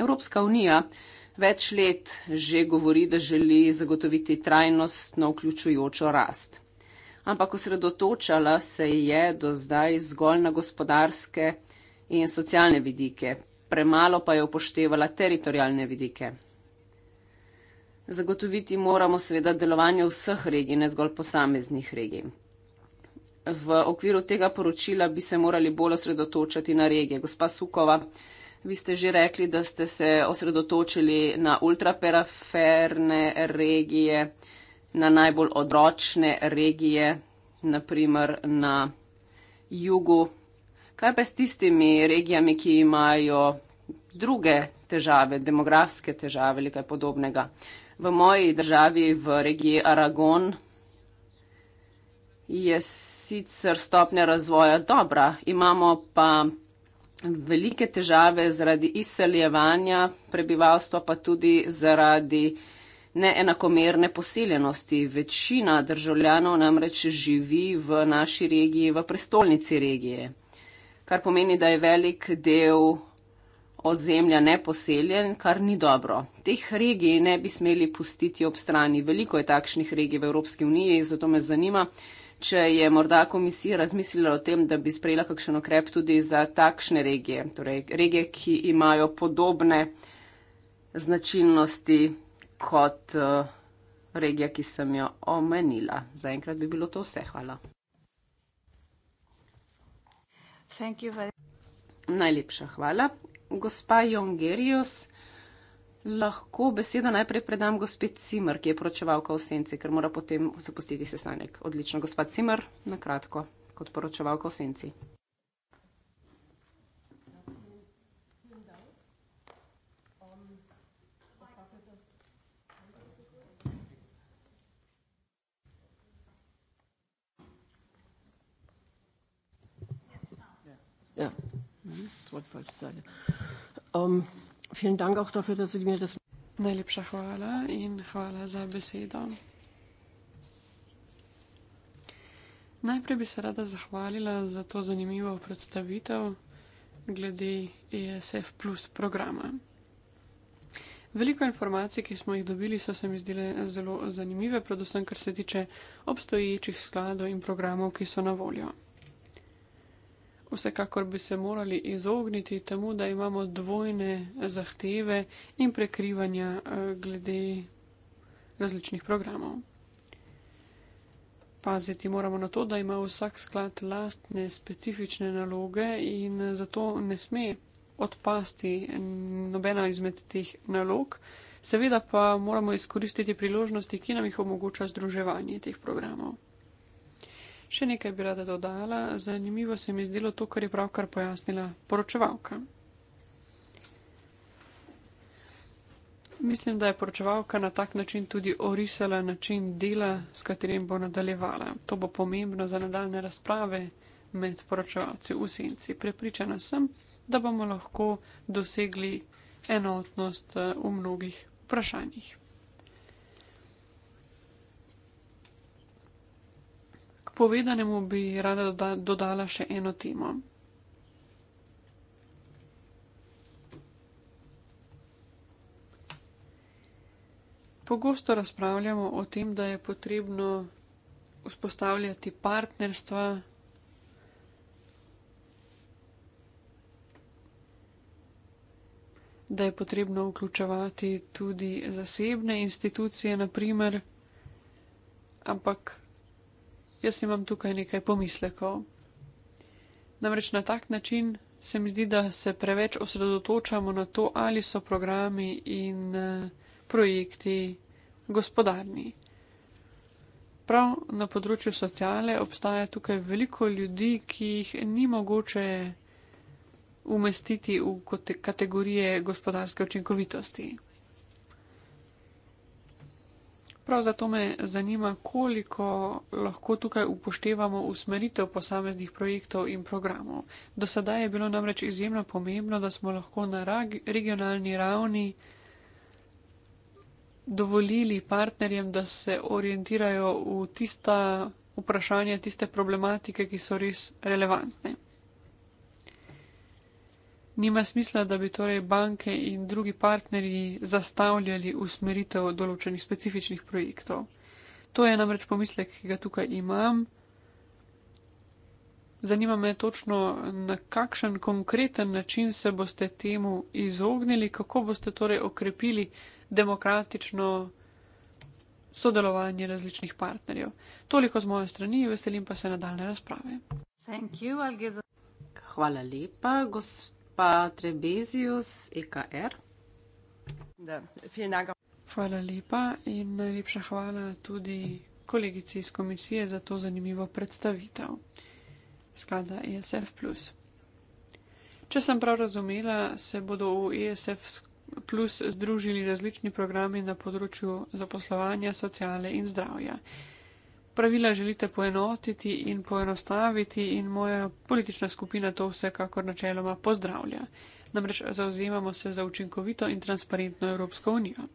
Evropska unija več let že govori, da želi zagotoviti trajnostno vključujočo rast. Ampak osredotočala se je do zdaj zgolj na gospodarske in socialne vidike, premalo pa je upoštevala teritorijalne vidike. Zagotoviti moramo seveda delovanje vseh regij, ne zgolj posameznih regij. V okviru tega poročila bi se morali bolj osredotočati na regije. Gospa Sukova, Vi ste že rekli, da ste se osredotočili na ultraperiferne regije, na najbolj odročne regije, naprimer na jugu. Kaj pa s tistimi regijami, ki imajo druge težave, demografske težave ali kaj podobnega? V moji državi, v regiji Aragon, je sicer stopnja razvoja dobra, imamo pa velike težave zaradi izseljevanja prebivalstva, pa tudi zaradi neenakomerne poseljenosti. Večina državljanov namreč živi v naši regiji, v prestolnici regije, kar pomeni, da je velik del ozemlja neposeljen, kar ni dobro. Teh regij ne bi smeli pustiti ob strani. Veliko je takšnih regij v Evropski uniji, zato me zanima, če je morda komisija razmislila o tem, da bi sprejela kakšen okrep tudi za takšne regije, torej regije, ki imajo podobne značilnosti kot eh, regija, ki sem jo omenila. Zaenkrat bi bilo to vse. Hvala. Najlepša hvala. Gospa Jongerijos. Lahko besedo najprej predam gospod Cimer, ki je poročevalka v senci, ker mora potem zapustiti sestanek. Odlično, gospod Cimer, na kratko, kot poročevalka v senci. Ja, mhm. to je pač zadnje. Vielen Dank auch dafür, dass Sie mir das. Najlepša hvala in hvala za besedo. Najprej bi se rada zahvalila za to zanimivo predstavitev glede ESF plus programa. Veliko informacij, ki smo jih dobili, so se mi zdele zelo zanimive, predvsem kar se tiče obstoječih skladov in programov, ki so na voljo. Vsekakor bi se morali izogniti temu, da imamo dvojne zahteve in prekrivanja eh, glede različnih programov. Paziti moramo na to, da ima vsak sklad lastne specifične naloge in zato ne sme odpasti nobena izmed teh nalog. Seveda pa moramo izkoristiti priložnosti, ki nam jih omogoča združevanje teh programov. Še nekaj bi rada dodala, zanimivo se mi je zdelo to, kar je pravkar pojasnila poročevalka. Mislim, da je poročevalka na tak način tudi orisala način dela, s katerim bo nadaljevala. To bo pomembno za nadaljne razprave med poročevalci v senci. Prepričana sem, da bomo lahko dosegli enotnost eh, v mnogih vprašanjih. povedanemu bi rada doda dodala še eno temo. Pogosto razpravljamo o tem, da je potrebno vzpostavljati partnerstva. da je potrebno vključevati tudi zasebne institucije, naprimer, ampak jaz imam tukaj nekaj pomislekov. Namreč na tak način se mi zdi, da se preveč osredotočamo na to, ali so programi in eh, projekti gospodarni. Prav na področju sociale obstaja tukaj veliko ljudi, ki jih ni mogoče umestiti v kategorije gospodarske učinkovitosti. Prav zato me zanima, koliko lahko tukaj upoštevamo usmeritev posameznih projektov in programov. Do sedaj je bilo namreč izjemno pomembno, da smo lahko na regionalni ravni dovolili partnerjem, da se orientirajo v tista vprašanja, tiste problematike, ki so res relevantne. Nima smisla, da bi torej banke in drugi partnerji zastavljali usmeritev določenih specifičnih projektov. To je namreč pomislek, ki ga tukaj imam. Zanima me točno, na kakšen konkreten način se boste temu izognili, kako boste torej okrepili demokratično sodelovanje različnih partnerjev. Toliko z moje strani, veselim pa se nadaljne razprave. Hvala lepa, gospod gospa Trebezius, EKR. Hvala lepa in najlepša hvala tudi kolegici iz komisije za to zanimivo predstavitev sklada ESF. Če sem prav razumela, se bodo v ESF plus združili različni programi na področju zaposlovanja, sociale in zdravja pravila želite poenotiti in poenostaviti in moja politična skupina to vsekakor načeloma pozdravlja. Namreč zauzemamo se za učinkovito in transparentno Evropsko unijo.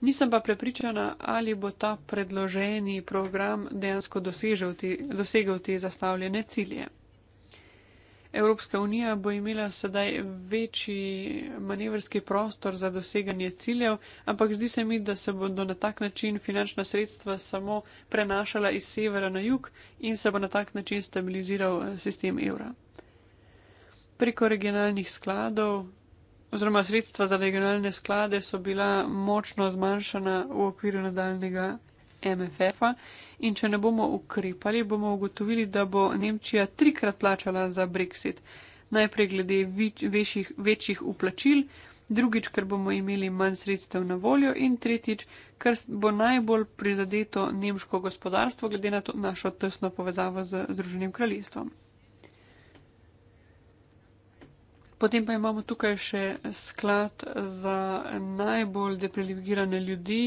Nisem pa prepričana, ali bo ta predloženi program dejansko dosegel te, dosegel te zastavljene cilje. Evropska unija bo imela sedaj večji manevrski prostor za doseganje ciljev, ampak zdi se mi, da se bodo na tak način finančna sredstva samo prenašala iz severa na jug in se bo na tak način stabiliziral eh, sistem evra. Preko regionalnih skladov oziroma sredstva za regionalne sklade so bila močno zmanjšana v okviru nadaljnega MFF-a in če ne bomo ukrepali, bomo ugotovili, da bo Nemčija trikrat plačala za Brexit. Najprej glede več, večjih, večjih uplačil, drugič, ker bomo imeli manj sredstev na voljo in tretjič, ker bo najbolj prizadeto nemško gospodarstvo glede na to našo tesno povezavo z Združenim kraljestvom. Potem pa imamo tukaj še sklad za najbolj deprivilegirane ljudi,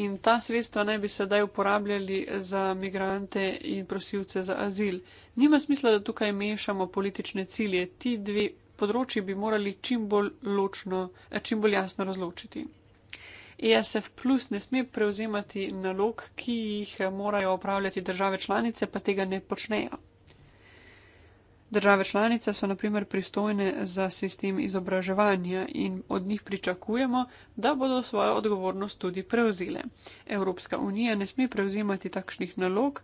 in ta sredstva naj bi sedaj uporabljali za migrante in prosilce za azil. Nima smisla, da tukaj mešamo politične cilje. Ti dve področji bi morali čim bolj, ločno, eh, čim bolj jasno razločiti. ESF plus ne sme prevzemati nalog, ki jih morajo opravljati države članice, pa tega ne počnejo. Države članice so naprimer pristojne za sistem izobraževanja in od njih pričakujemo, da bodo svojo odgovornost tudi prevzile. Evropska unija ne sme prevzimati takšnih nalog,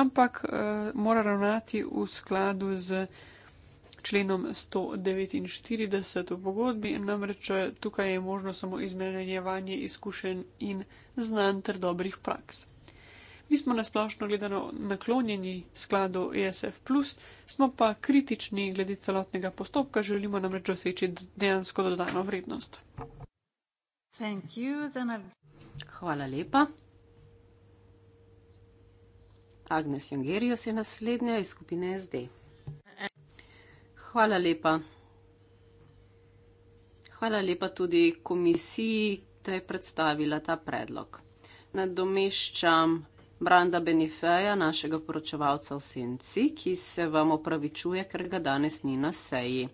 ampak e, mora ravnati v skladu z členom 149 v pogodbi, namreč eh, tukaj je možno samo izmenjevanje izkušenj in znanj ter dobrih praks mi smo nasplošno gledano naklonjeni skladu ESF, smo pa kritični glede celotnega postopka, želimo namreč doseči dejansko dodano vrednost. Hvala lepa. Agnes Jongerijos je naslednja iz skupine SD. Hvala lepa. Hvala lepa tudi komisiji, ki je predstavila ta predlog. Nadomeščam Branda Benifeja, našega poročevalca v Senci, ki se vam opravičuje, ker ga danes ni na seji.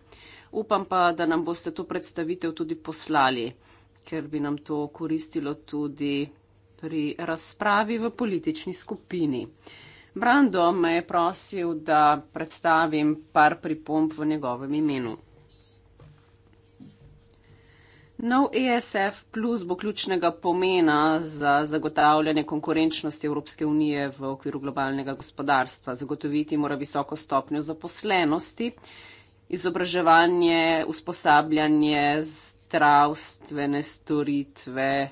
Upam pa, da nam boste to predstavitev tudi poslali, ker bi nam to koristilo tudi pri razpravi v politični skupini. Brando me je prosil, da predstavim par pripomp v njegovem imenu. Nov ESF plus bo ključnega pomena za zagotavljanje konkurenčnosti Evropske unije v okviru globalnega gospodarstva. Zagotoviti mora visoko stopnjo zaposlenosti, izobraževanje, usposabljanje, zdravstvene storitve,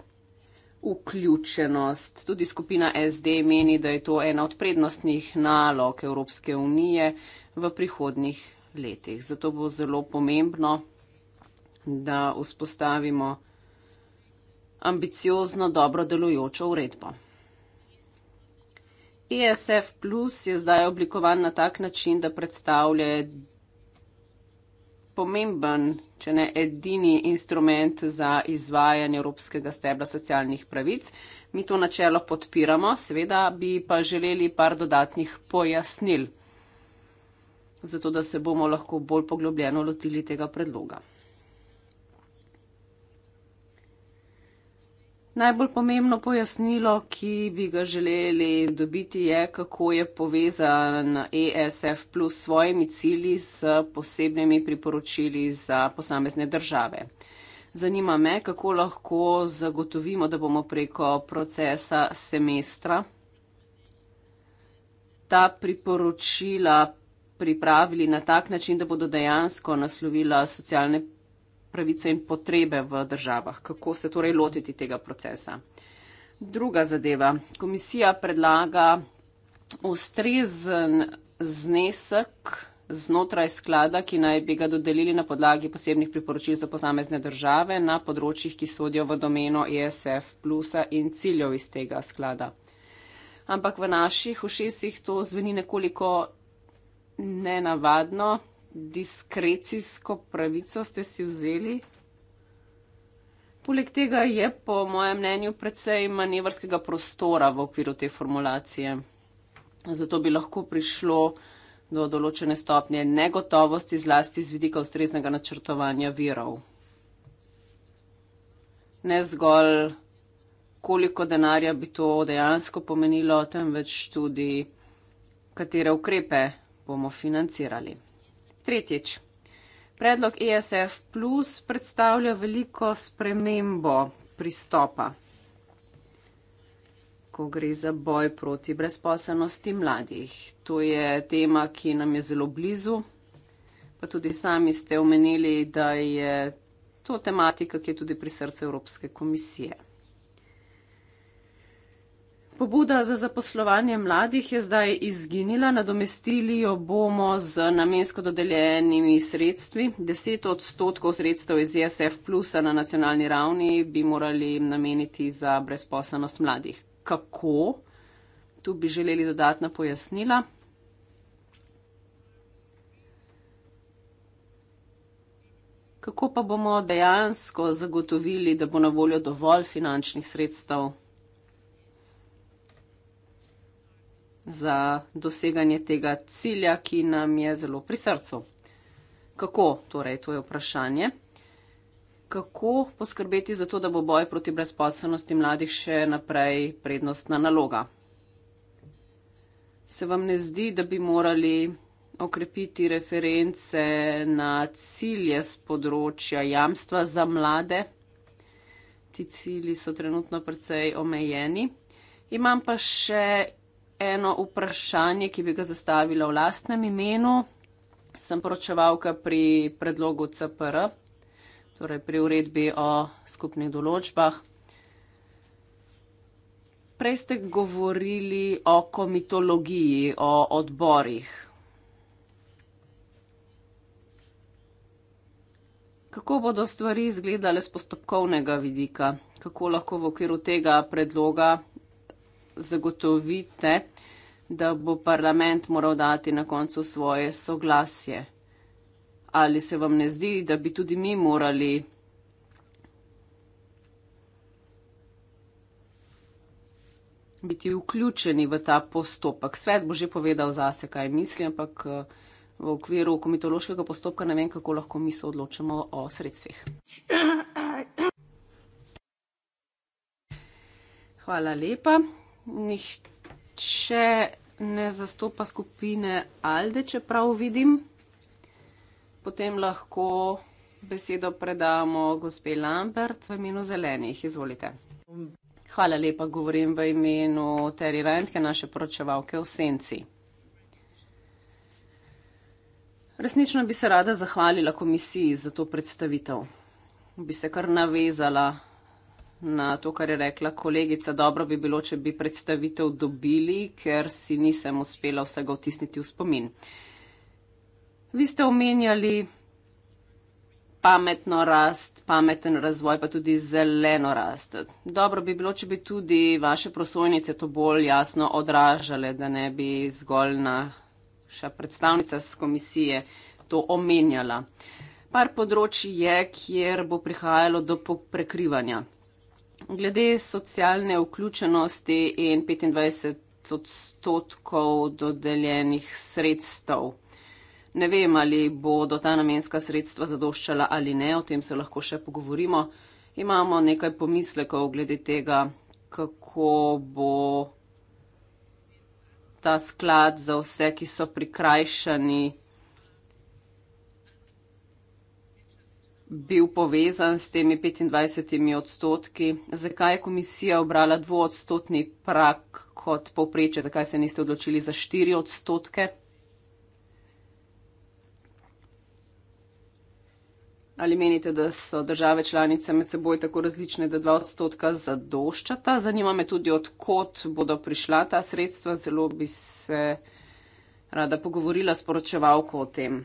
vključenost. Tudi skupina SD meni, da je to ena od prednostnih nalog Evropske unije v prihodnih letih. Zato bo zelo pomembno da vzpostavimo ambiciozno dobro delujočo uredbo. ESF Plus je zdaj oblikovan na tak način, da predstavlja pomemben, če ne edini instrument za izvajanje Evropskega stebra socialnih pravic. Mi to načelo podpiramo, seveda bi pa želeli par dodatnih pojasnil, zato da se bomo lahko bolj poglobljeno lotili tega predloga. Najbolj pomembno pojasnilo, ki bi ga želeli dobiti, je, kako je povezan ESF plus svojimi cilji s posebnimi priporočili za posamezne države. Zanima me, kako lahko zagotovimo, da bomo preko procesa semestra ta priporočila pripravili na tak način, da bodo dejansko naslovila socialne probleme pravice in potrebe v državah, kako se torej lotiti tega procesa. Druga zadeva. Komisija predlaga ustrezen znesek znotraj sklada, ki naj bi ga dodelili na podlagi posebnih priporočil za posamezne države na področjih, ki sodijo v domeno ESF plusa in ciljev iz tega sklada. Ampak v naših ušesih to zveni nekoliko nenavadno, diskrecijsko pravico ste si vzeli. Poleg tega je, po mojem mnenju, precej manevrskega prostora v okviru te formulacije. Zato bi lahko prišlo do določene stopnje negotovosti, zlasti z vidika ustreznega načrtovanja virov. Ne zgolj koliko denarja bi to dejansko pomenilo, temveč tudi, katere ukrepe bomo financirali. Tretjič. Predlog ESF plus predstavlja veliko spremembo pristopa, ko gre za boj proti brezposelnosti mladih. To je tema, ki nam je zelo blizu, pa tudi sami ste omenili, da je to tematika, ki je tudi pri srcu Evropske komisije. Pobuda za zaposlovanje mladih je zdaj izginila, nadomestili jo bomo z namensko dodeljenimi sredstvi. 10 odstotkov sredstev iz ESF plusa na nacionalni ravni bi morali nameniti za brezposelnost mladih. Kako? Tu bi želeli dodatna pojasnila. Kako pa bomo dejansko zagotovili, da bo na voljo dovolj finančnih sredstev za doseganje tega cilja, ki nam je zelo pri srcu. Kako, torej, to je vprašanje. Kako poskrbeti za to, da bo boj proti brezposelnosti mladih še naprej prednostna naloga? Se vam ne zdi, da bi morali okrepiti reference na cilje z področja jamstva za mlade? Ti cilji so trenutno precej omejeni. Imam pa še eno vprašanje, ki bi ga zastavila v lastnem imenu. Sem poročevalka pri predlogu CPR, torej pri uredbi o skupnih določbah. Prej ste govorili o komitologiji, o odborih. Kako bodo stvari izgledale z postopkovnega vidika? Kako lahko v okviru tega predloga zagotovite, da bo parlament moral dati na koncu svoje soglasje? Ali se vam ne zdi, da bi tudi mi morali biti vključeni v ta postopek? Svet bo že povedal zase, kaj misli, ampak v okviru komitološkega postopka ne vem, kako lahko mi se odločamo o sredstvih. Hvala lepa nihče ne zastopa skupine Alde, čeprav vidim, potem lahko besedo predamo gospe Lambert v imenu zelenih. Izvolite. Hvala lepa, govorim v imenu Terry Rendke, naše poročevalke v Senci. Resnično bi se rada zahvalila komisiji za to predstavitev. Bi se kar navezala na to, kar je rekla kolegica. Dobro bi bilo, če bi predstavitev dobili, ker si nisem uspela vsega vtisniti v spomin. Vi ste omenjali pametno rast, pameten razvoj, pa tudi zeleno rast. Dobro bi bilo, če bi tudi vaše prosojnice to bolj jasno odražale, da ne bi zgolj naša predstavnica z komisije to omenjala. Par področji je, kjer bo prihajalo do prekrivanja glede socialne vključenosti in 25 odstotkov dodeljenih sredstev. Ne vem, ali bodo ta namenska sredstva zadoščala ali ne, o tem se lahko še pogovorimo. Imamo nekaj pomislekov glede tega, kako bo ta sklad za vse, ki so prikrajšani. bil povezan s temi 25 odstotki? Zakaj je komisija obrala dvoodstotni prak kot povpreče? Zakaj se niste odločili za 4 odstotke? Ali menite, da so države članice med seboj tako različne, da dva odstotka zadoščata? Zanima me tudi, odkot bodo prišla ta sredstva. Zelo bi se rada pogovorila s poročevalko o tem.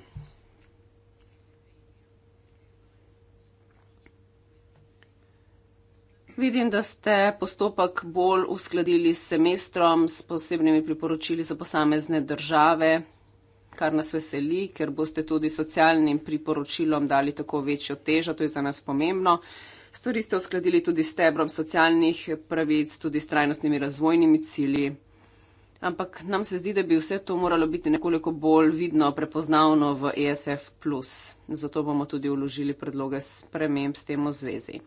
Vidim, da ste postopek bolj uskladili s semestrom, s posebnimi priporočili za posamezne države, kar nas veseli, ker boste tudi socialnim priporočilom dali tako večjo težo, to je za nas pomembno. Stvari ste uskladili tudi s tebrom socialnih pravic, tudi s trajnostnimi razvojnimi cilji. Ampak nam se zdi, da bi vse to moralo biti nekoliko bolj vidno, prepoznavno v ESF. Zato bomo tudi uložili predloge sprememb s tem v zvezi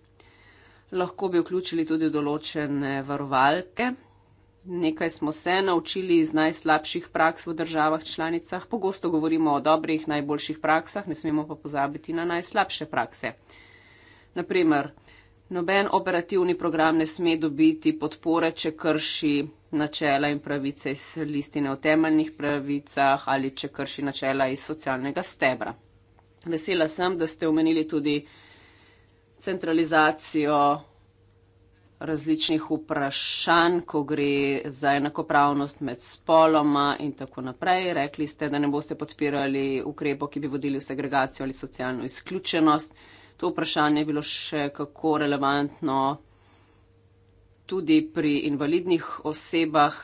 lahko bi vključili tudi določene varovalke. Nekaj smo se naučili iz najslabših praks v državah članicah. Pogosto govorimo o dobrih, najboljših praksah, ne smemo pa pozabiti na najslabše prakse. Naprimer, noben operativni program ne sme dobiti podpore, če krši načela in pravice iz listine o temeljnih pravicah ali če krši načela iz socialnega stebra. Vesela sem, da ste omenili tudi centralizacijo različnih vprašanj, ko gre za enakopravnost med spoloma in tako naprej. Rekli ste, da ne boste podpirali ukrepo, ki bi vodili v segregacijo ali socialno izključenost. To vprašanje je bilo še kako relevantno tudi pri invalidnih osebah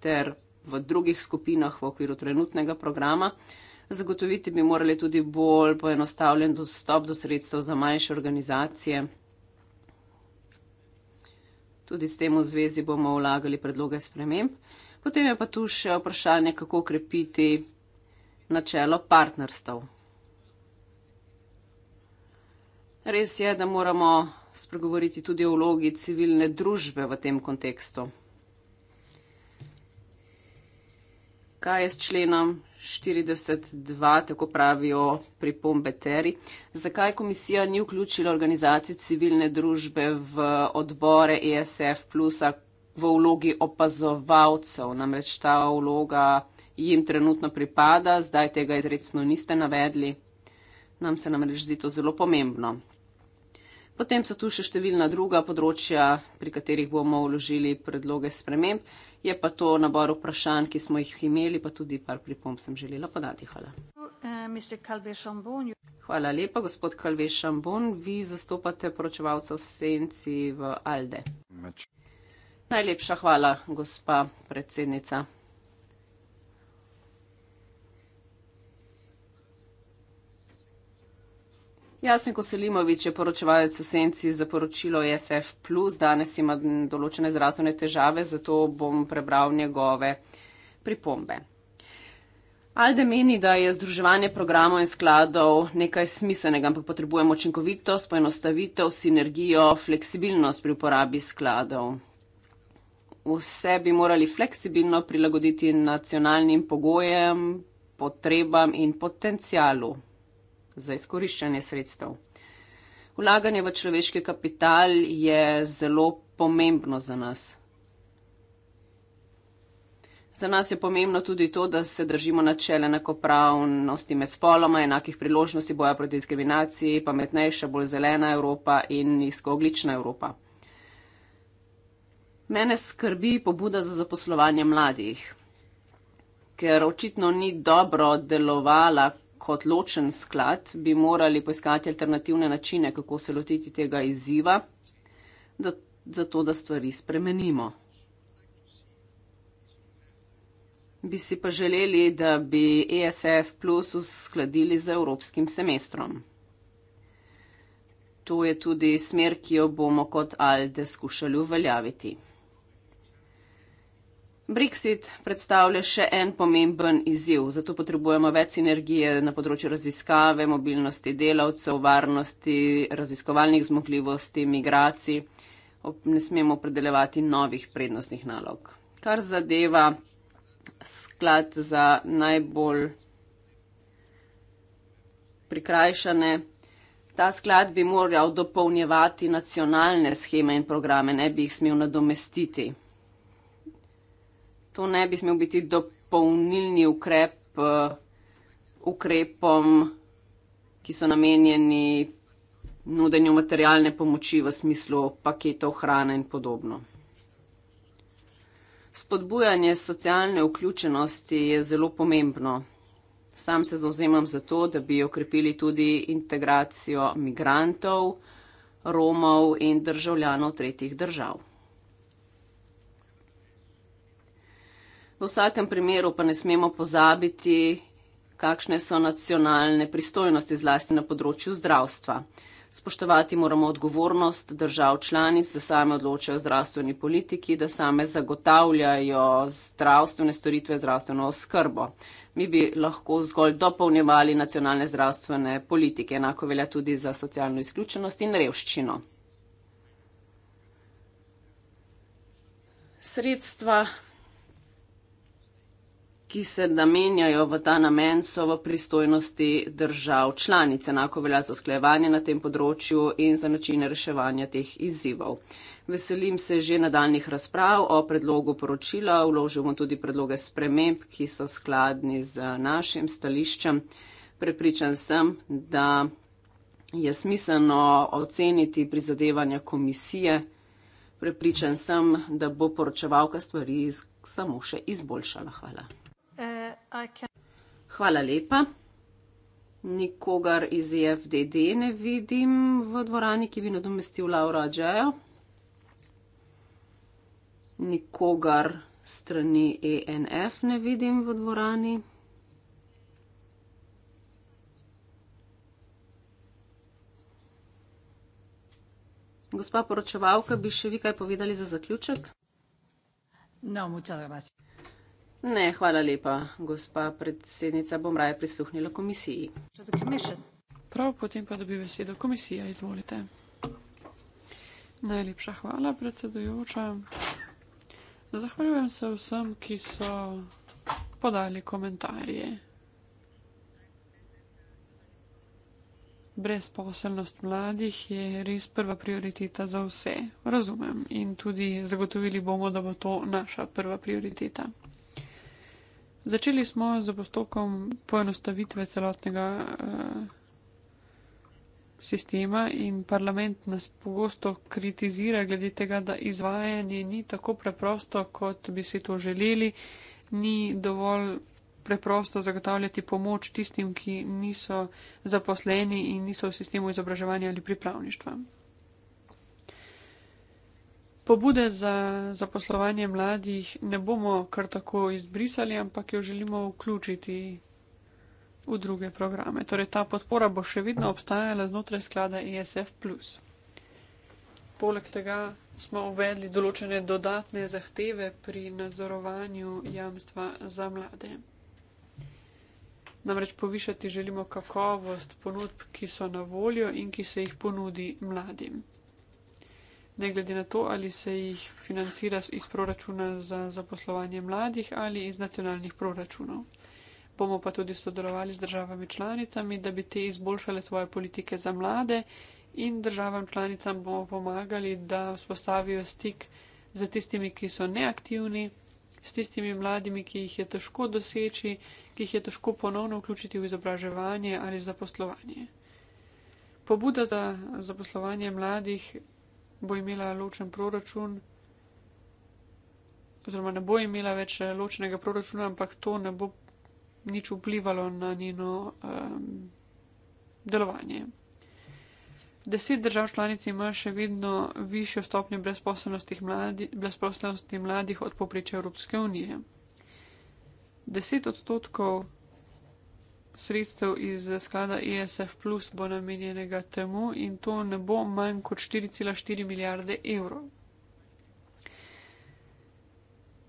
ter v drugih skupinah v okviru trenutnega programa. Uh, zagotoviti bi morali tudi bolj poenostavljen dostop do sredstev za manjše organizacije. Tudi s tem v zvezi bomo vlagali predloge sprememb. Potem je pa tu še vprašanje, kako krepiti načelo partnerstv. Res je, da moramo spregovoriti tudi o vlogi civilne družbe v tem kontekstu. kaj je s členom 42, tako pravijo pripombe Teri. Zakaj komisija ni vključila organizacij civilne družbe v odbore ESF plus v vlogi opazovalcev? Namreč ta vloga jim trenutno pripada, zdaj tega izredno niste navedli. Nam se namreč zdi to zelo pomembno. Potem so tu še številna druga področja, pri katerih bomo vložili predloge sprememb. Je pa to nabor vprašanj, ki smo jih imeli, pa tudi par pripomb sem želela podati. Hvala. Uh, hvala lepa, gospod Kalvešambon. Vi zastopate poročevalca v senci v Alde. Najlepša hvala, gospa predsednica. Jasen Koselimovič je poročevalec v senci za poročilo SF. Danes ima določene zdravstvene težave, zato bom prebral njegove pripombe. Alde meni, da je združevanje programov in skladov nekaj smiselnega, ampak potrebujemo učinkovitost, poenostavitev, sinergijo, fleksibilnost pri uporabi skladov. Vse bi morali fleksibilno prilagoditi nacionalnim pogojem, potrebam in potencialu za izkoriščanje sredstev. Vlaganje v človeški kapital je zelo pomembno za nas. Za nas je pomembno tudi to, da se držimo načela enakopravnosti med spoloma, enakih priložnosti boja proti diskriminaciji, pametnejša, bolj zelena Evropa in nizkooglična Evropa. Mene skrbi pobuda za zaposlovanje mladih, ker očitno ni dobro delovala, kot ločen sklad, bi morali poiskati alternativne načine, kako se lotiti tega izziva, da, zato da stvari spremenimo. Bi si pa želeli, da bi ESF plus uskladili z evropskim semestrom. To je tudi smer, ki jo bomo kot ALDE skušali uveljaviti. Brexit predstavlja še en pomemben izziv, zato potrebujemo več sinergije na področju raziskave, mobilnosti delavcev, varnosti, raziskovalnih zmogljivosti, migracij. Ne smemo predelevati novih prednostnih nalog. Kar zadeva sklad za najbolj prikrajšane. Ta sklad bi moral dopolnjevati nacionalne scheme in programe, ne bi jih smel nadomestiti to ne bi smel biti dopolnilni ukrep eh, ukrepom, ki so namenjeni nudenju materialne pomoči v smislu paketov hrane in podobno. Spodbujanje socialne vključenosti je zelo pomembno. Sam se zauzemam za to, da bi okrepili tudi integracijo migrantov, Romov in državljanov tretjih držav. V vsakem primeru pa ne smemo pozabiti, kakšne so nacionalne pristojnosti zlasti na področju zdravstva. Spoštovati moramo odgovornost držav članic, da same odločajo zdravstveni politiki, da same zagotavljajo zdravstvene storitve, zdravstveno oskrbo. Mi bi lahko zgolj dopolnjevali nacionalne zdravstvene politike, enako velja tudi za socialno izključenost in revščino. Sredstva ki se namenjajo v ta namen, so v pristojnosti držav članic. Enako velja za sklejevanje na tem področju in za načine reševanja teh izzivov. Veselim se že nadaljnih razprav o predlogu poročila. Vložimo tudi predloge sprememb, ki so skladni z našim stališčem. Prepričan sem, da je smiselno oceniti prizadevanja komisije. Prepričan sem, da bo poročevalka stvari samo še izboljšala. Hvala. Hvala lepa. Nikogar iz e FDD ne vidim v dvorani, ki bi nadomestil Laura Džejo. Nikogar strani ENF ne vidim v dvorani. Gospa poročevalka, bi še vi kaj povedali za zaključek? No, muchas gracias. Ne, hvala lepa, gospa predsednica. Bom raje prisluhnila komisiji. Prav, potem pa dobi besedo komisija. Izvolite. Najlepša hvala, predsedujoča. Zahvaljujem se vsem, ki so podali komentarje. Brezposelnost mladih je res prva prioriteta za vse, razumem, in tudi zagotovili bomo, da bo to naša prva prioriteta. Začeli smo z postopkom poenostavitve celotnega uh, sistema in parlament nas pogosto kritizira glede tega, da izvajanje ni tako preprosto, kot bi si to želeli. Ni dovolj preprosto zagotavljati pomoč tistim, ki niso zaposleni in niso v sistemu izobraževanja ali pripravništva. Pobude za zaposlovanje mladih ne bomo kar tako izbrisali, ampak jo želimo vključiti v druge programe. Torej, ta podpora bo še vedno obstajala znotraj sklada ESF. Poleg tega smo uvedli določene dodatne zahteve pri nadzorovanju jamstva za mlade. Namreč povišati želimo kakovost ponudb, ki so na voljo in ki se jih ponudi mladim ne glede na to, ali se jih financira iz proračuna za zaposlovanje mladih ali iz nacionalnih proračunov. Bomo pa tudi sodelovali z državami članicami, da bi te izboljšale svoje politike za mlade in državam članicam bomo pomagali, da vzpostavijo stik z tistimi, ki so neaktivni, s tistimi mladimi, ki jih je težko doseči, ki jih je težko ponovno vključiti v izobraževanje ali zaposlovanje. Pobuda za zaposlovanje mladih bo imela ločen proračun, oziroma ne bo imela več eh, ločnega proračuna, ampak to ne bo nič vplivalo na njeno um, delovanje. Deset držav članic ima še vedno višjo stopnjo brezposelnosti, mladi, brezposelnosti mladih od popreča Evropske unije. Deset odstotkov sredstev iz sklada ESF, bo namenjenega temu in to ne bo manj kot 4,4 milijarde evrov.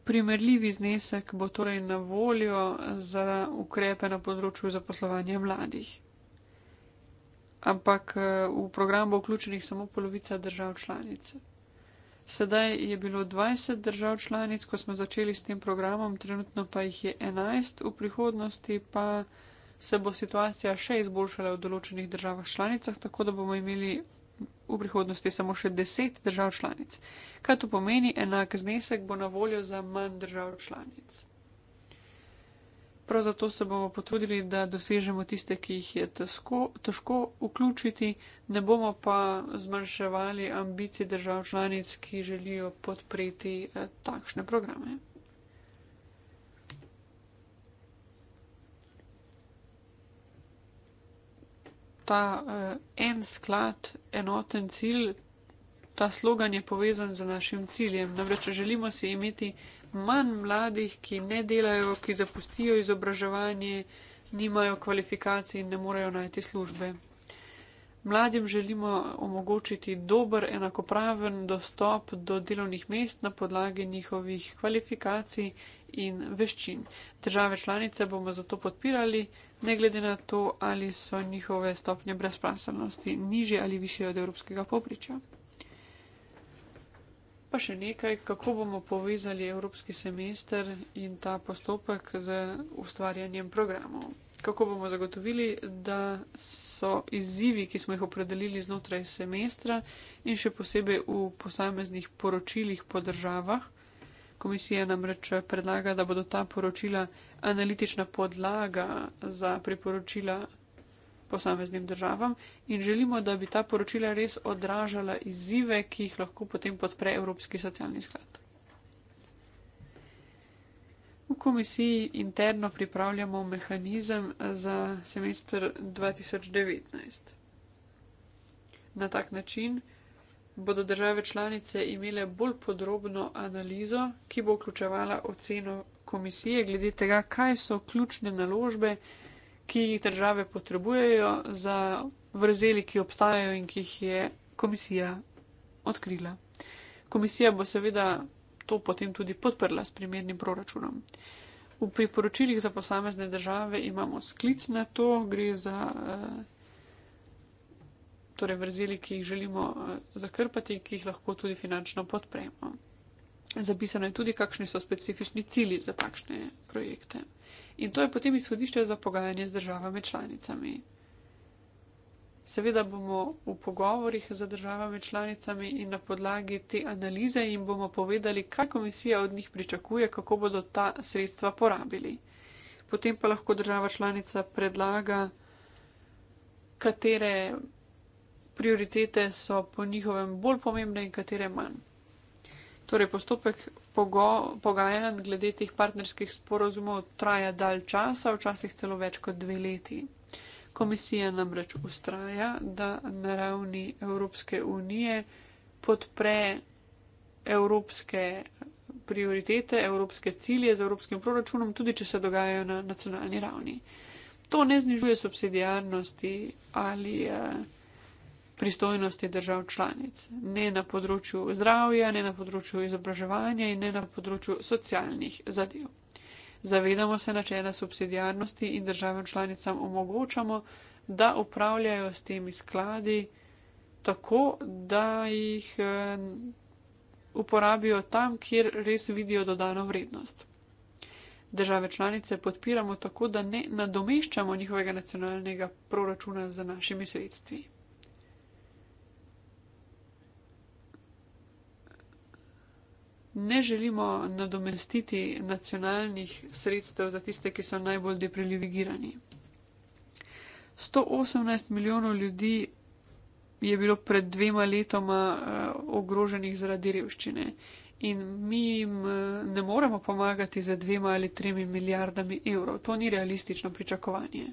Primerljivi znesek bo torej na voljo za ukrepe na področju zaposlovanja mladih. Ampak eh, v program bo vključenih samo polovica držav članic. Sedaj je bilo 20 držav članic, ko smo začeli s tem programom, trenutno pa jih je 11, v prihodnosti pa se bo situacija še izboljšala v določenih državah članicah, tako da bomo imeli v prihodnosti samo še deset držav članic. Kaj to pomeni? Enak znesek bo na voljo za manj držav članic. Prav zato se bomo potrudili, da dosežemo tiste, ki jih je težko, težko vključiti, ne bomo pa zmanjševali ambicij držav članic, ki želijo podpreti eh, takšne programe. ta uh, en sklad, enoten cilj, ta slogan je povezan z našim ciljem. Namreč, če želimo si imeti manj mladih, ki ne delajo, ki zapustijo izobraževanje, nimajo kvalifikacij in ne morejo najti službe. Mladim želimo omogočiti dober, enakopraven dostop do delovnih mest na podlagi njihovih kvalifikacij in veščin. Države članice bomo zato podpirali, ne glede na to, ali so njihove stopnje brezplaselnosti nižje ali više od evropskega popriča. Pa še nekaj, kako bomo povezali evropski semester in ta postopek z ustvarjanjem programov. Kako bomo zagotovili, da so izzivi, ki smo jih opredelili znotraj semestra in še posebej v posameznih poročilih po državah, Komisija namreč predlaga, da bodo ta poročila analitična podlaga za priporočila posameznim državam in želimo, da bi ta poročila res odražala izzive, ki jih lahko potem podpre Evropski socialni sklad. V komisiji interno pripravljamo mehanizem za semester 2019. Na tak način bodo države članice imele bolj podrobno analizo, ki bo vključevala oceno komisije glede tega, kaj so ključne naložbe, ki jih države potrebujejo za vrzeli, ki obstajajo in ki jih je komisija odkrila. Komisija bo seveda to potem tudi podprla s primernim proračunom. V priporočilih za posamezne države imamo sklic na to, gre za. Uh, torej vrzeli, ki jih želimo eh, zakrpati, ki jih lahko tudi finančno podpremo. Zapisano je tudi, kakšni so specifični cilji za takšne projekte. In to je potem izhodišče za pogajanje z državami članicami. Seveda bomo v pogovorih z državami članicami in na podlagi te analize jim bomo povedali, kaj komisija od njih pričakuje, kako bodo ta sredstva porabili. Potem pa lahko država članica predlaga, katere prioritete so po njihovem bolj pomembne in katere manj. Torej, postopek pogo, pogajanj glede teh partnerskih sporozumov traja dalj časa, včasih celo več kot dve leti. Komisija namreč ustraja, da na ravni Evropske unije podpre evropske prioritete, evropske cilje z evropskim proračunom, tudi če se dogajajo na nacionalni ravni. To ne znižuje subsidijarnosti ali eh, pristojnosti držav članic. Ne na področju zdravja, ne na področju izobraževanja in ne na področju socialnih zadev. Zavedamo se načela subsidijarnosti in državam članicam omogočamo, da upravljajo s temi skladi tako, da jih eh, uporabijo tam, kjer res vidijo dodano vrednost. Države članice podpiramo tako, da ne nadomeščamo njihovega nacionalnega proračuna z našimi sredstvi. ne želimo nadomestiti nacionalnih sredstev za tiste, ki so najbolj deprivilegirani. 118 milijonov ljudi je bilo pred dvema letoma uh, ogroženih zaradi revščine in mi jim uh, ne moremo pomagati za dvema ali tremi milijardami evrov. To ni realistično pričakovanje.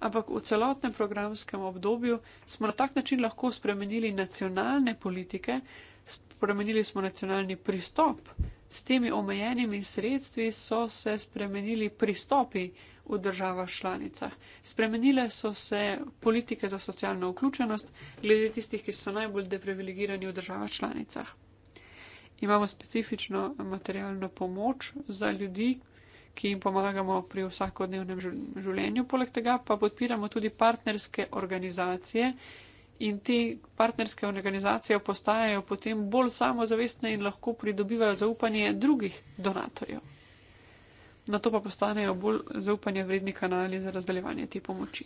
Ampak v celotnem programskem obdobju smo na tak način lahko spremenili nacionalne politike, spremenili smo nacionalni pristop. S temi omejenimi sredstvi so se spremenili pristopi v državah članicah. Spremenile so se politike za socialno vključenost glede tistih, ki so najbolj deprivilegirani v državah članicah. Imamo specifično materialno pomoč za ljudi, ki jim pomagamo pri vsakodnevnem življenju, poleg tega pa podpiramo tudi partnerske organizacije, in te partnerske organizacije postajajo potem bolj samozavestne in lahko pridobivajo zaupanje drugih donatorjev. Na to pa postanejo bolj zaupanje vredni kanali za razdaljevanje te pomoči.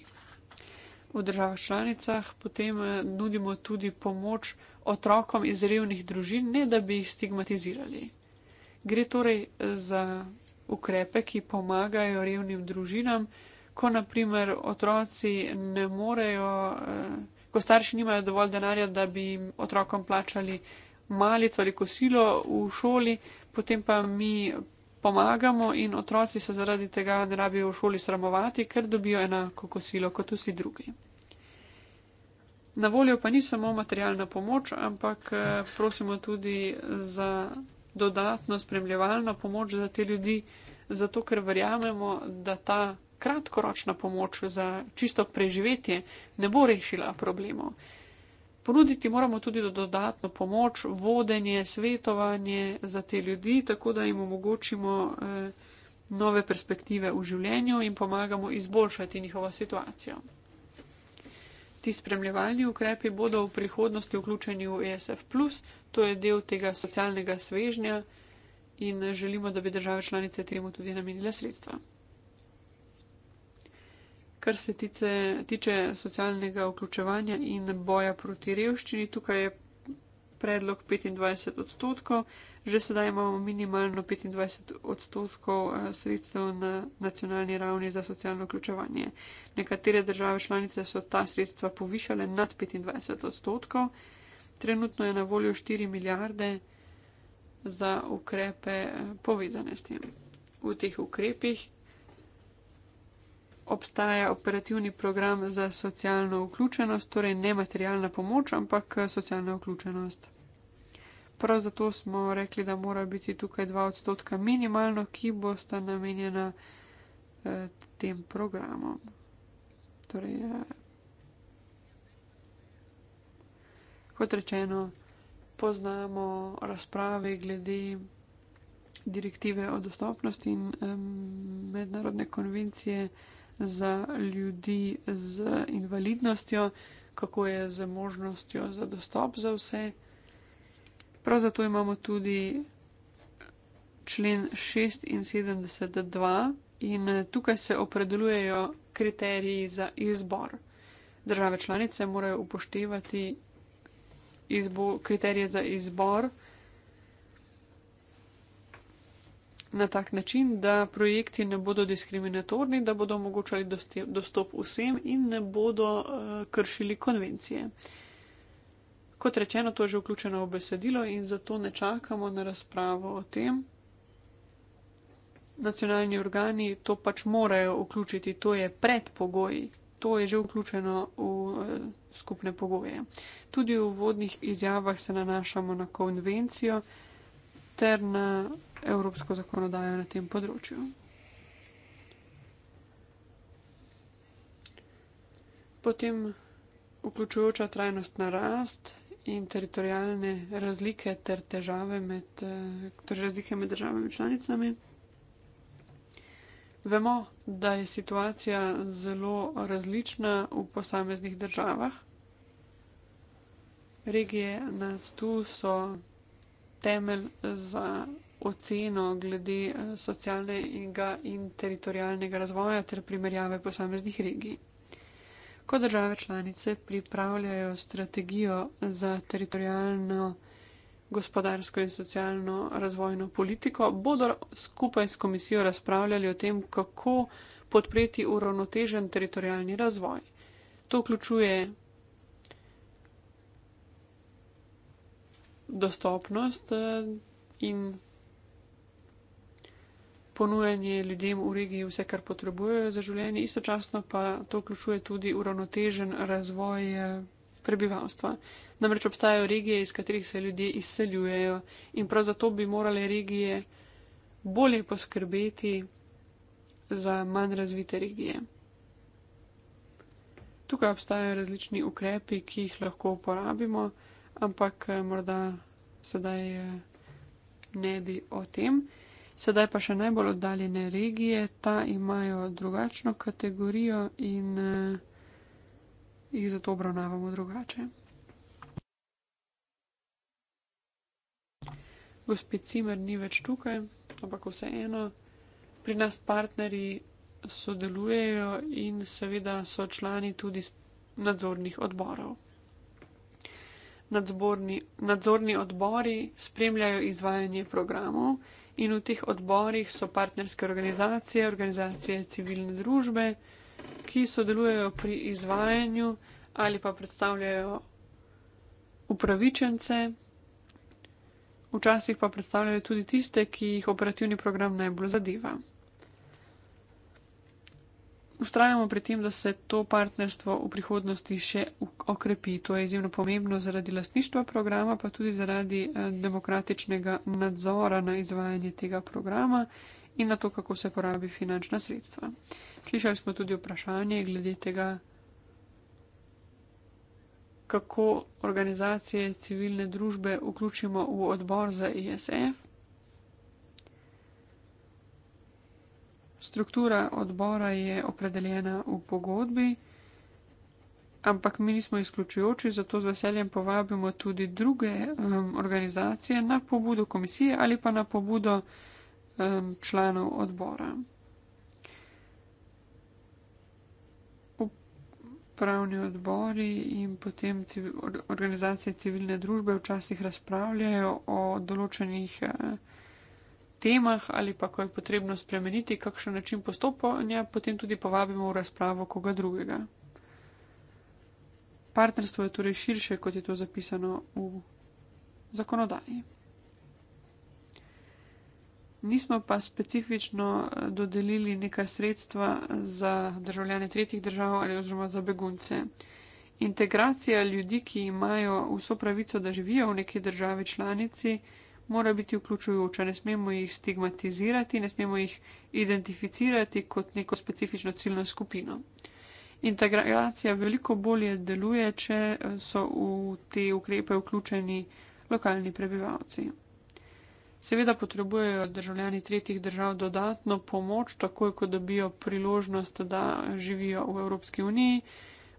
V državah članicah potem eh, nudimo tudi pomoč otrokom iz revnih družin, ne da bi jih stigmatizirali. Gre torej eh, za ukrepe, ki pomagajo revnim družinam, ko naprimer otroci ne morejo. Eh, ko starši nimajo dovolj denarja, da bi jim otrokom plačali malico ali kosilo v šoli, potem pa mi pomagamo in otroci se zaradi tega ne rabijo v šoli sramovati, ker dobijo enako kosilo kot vsi drugi. Na voljo pa ni samo materialna pomoč, ampak eh, prosimo tudi za dodatno spremljevalno pomoč za te ljudi, zato ker verjamemo, da ta kratkoročna pomoč za čisto preživetje ne bo rešila problemov. Ponuditi moramo tudi dodatno pomoč, vodenje, svetovanje za te ljudi, tako da jim omogočimo eh, nove perspektive v življenju in pomagamo izboljšati njihovo situacijo. Ti spremljevalni ukrepi bodo v prihodnosti vključeni v ESF, to je del tega socialnega svežnja in želimo, da bi države članice temu tudi namenile sredstva kar se tice, tiče socialnega vključevanja in boja proti revščini, tukaj je predlog 25 odstotkov. Že sedaj imamo minimalno 25 odstotkov eh, sredstev na nacionalni ravni za socialno vključevanje. Nekatere države članice so ta sredstva povišale nad 25 odstotkov. Trenutno je na voljo 4 milijarde za ukrepe eh, povezane s tem. V teh ukrepih obstaja operativni program za socialno vključenost, torej ne materialna pomoč, ampak socialna vključenost. Prav zato smo rekli, da mora biti tukaj dva odstotka minimalno, ki bosta namenjena eh, tem programom. Torej, eh, kot rečeno, poznamo razprave glede direktive o dostopnosti in eh, mednarodne konvencije za ljudi z invalidnostjo, kako je z možnostjo za dostop za vse. Prav zato imamo tudi člen 76.2 in eh, tukaj se opredelujejo kriteriji za izbor. Države članice morajo upoštevati izbo, kriterije za izbor. na tak način, da projekti ne bodo diskriminatorni, da bodo omogočali dostop vsem in ne bodo uh, kršili konvencije. Kot rečeno, to je že vključeno v besedilo in zato ne čakamo na razpravo o tem. Nacionalni organi to pač morajo vključiti, to je predpogoj, to je že vključeno v uh, skupne pogoje. Tudi v vodnih izjavah se nanašamo na konvencijo ter na evropsko zakonodajo na tem področju. Potem vključujoča trajnost na rast in teritorijalne razlike ter težave med, eh, torej razlike med državami članicami. Vemo, da je situacija zelo različna v posameznih državah. Regije nad tu so temelj za oceno glede eh, socialnega in teritorijalnega razvoja ter primerjave posameznih regij. Ko države članice pripravljajo strategijo za teritorijalno, gospodarsko in socialno razvojno politiko, bodo skupaj s komisijo razpravljali o tem, kako podpreti uravnotežen teritorijalni razvoj. To vključuje dostopnost eh, in ponujanje ljudem v regiji vse, kar potrebujejo za življenje, istočasno pa to vključuje tudi uravnotežen razvoj eh, prebivalstva. Namreč obstajajo regije, iz katerih se ljudje izseljujejo in prav zato bi morale regije bolje poskrbeti za manj razvite regije. Tukaj obstajajo različni ukrepi, ki jih lahko uporabimo, ampak eh, morda sedaj eh, ne bi o tem. Sedaj pa še najbolj oddaljene regije, ta imajo drugačno kategorijo in uh, jih zato obravnavamo drugače. Gospod Cimer ni več tukaj, ampak vseeno pri nas partnerji sodelujejo in seveda so člani tudi nadzornih odborov. Nadzorni, nadzorni odbori spremljajo izvajanje programov in v teh odborih so partnerske organizacije, organizacije civilne družbe, ki sodelujejo pri izvajanju ali pa predstavljajo upravičence, včasih pa predstavljajo tudi tiste, ki jih operativni program najbolj zadeva ustrajamo pri tem, da se to partnerstvo v prihodnosti še okrepi. To je izjemno pomembno zaradi lastništva programa, pa tudi zaradi eh, demokratičnega nadzora na izvajanje tega programa in na to, kako se porabi finančna sredstva. Slišali smo tudi vprašanje glede tega, kako organizacije civilne družbe vključimo v odbor za ISF. E Struktura odbora je opredeljena v pogodbi, ampak mi nismo izključujoči, zato z veseljem povabimo tudi druge um, organizacije na pobudo komisije ali pa na pobudo um, članov odbora. Upravni odbori in potem civil, organizacije civilne družbe včasih razpravljajo o določenih. Uh, temah ali pa ko je potrebno spremeniti kakšen način postopanja, potem tudi povabimo v razpravo koga drugega. Partnerstvo je torej širše, kot je to zapisano v zakonodaji. Nismo pa specifično eh, dodelili neka sredstva za državljane tretjih držav ali oziroma za begunce. Integracija ljudi, ki imajo vso pravico, da živijo v neki državi članici, mora biti vključujoča, ne smemo jih stigmatizirati, ne smemo jih identificirati kot neko specifično ciljno skupino. Integracija veliko bolje deluje, če so v te ukrepe vključeni lokalni prebivalci. Seveda potrebujejo državljani tretjih držav dodatno pomoč, takoj ko dobijo priložnost, da živijo v Evropski uniji.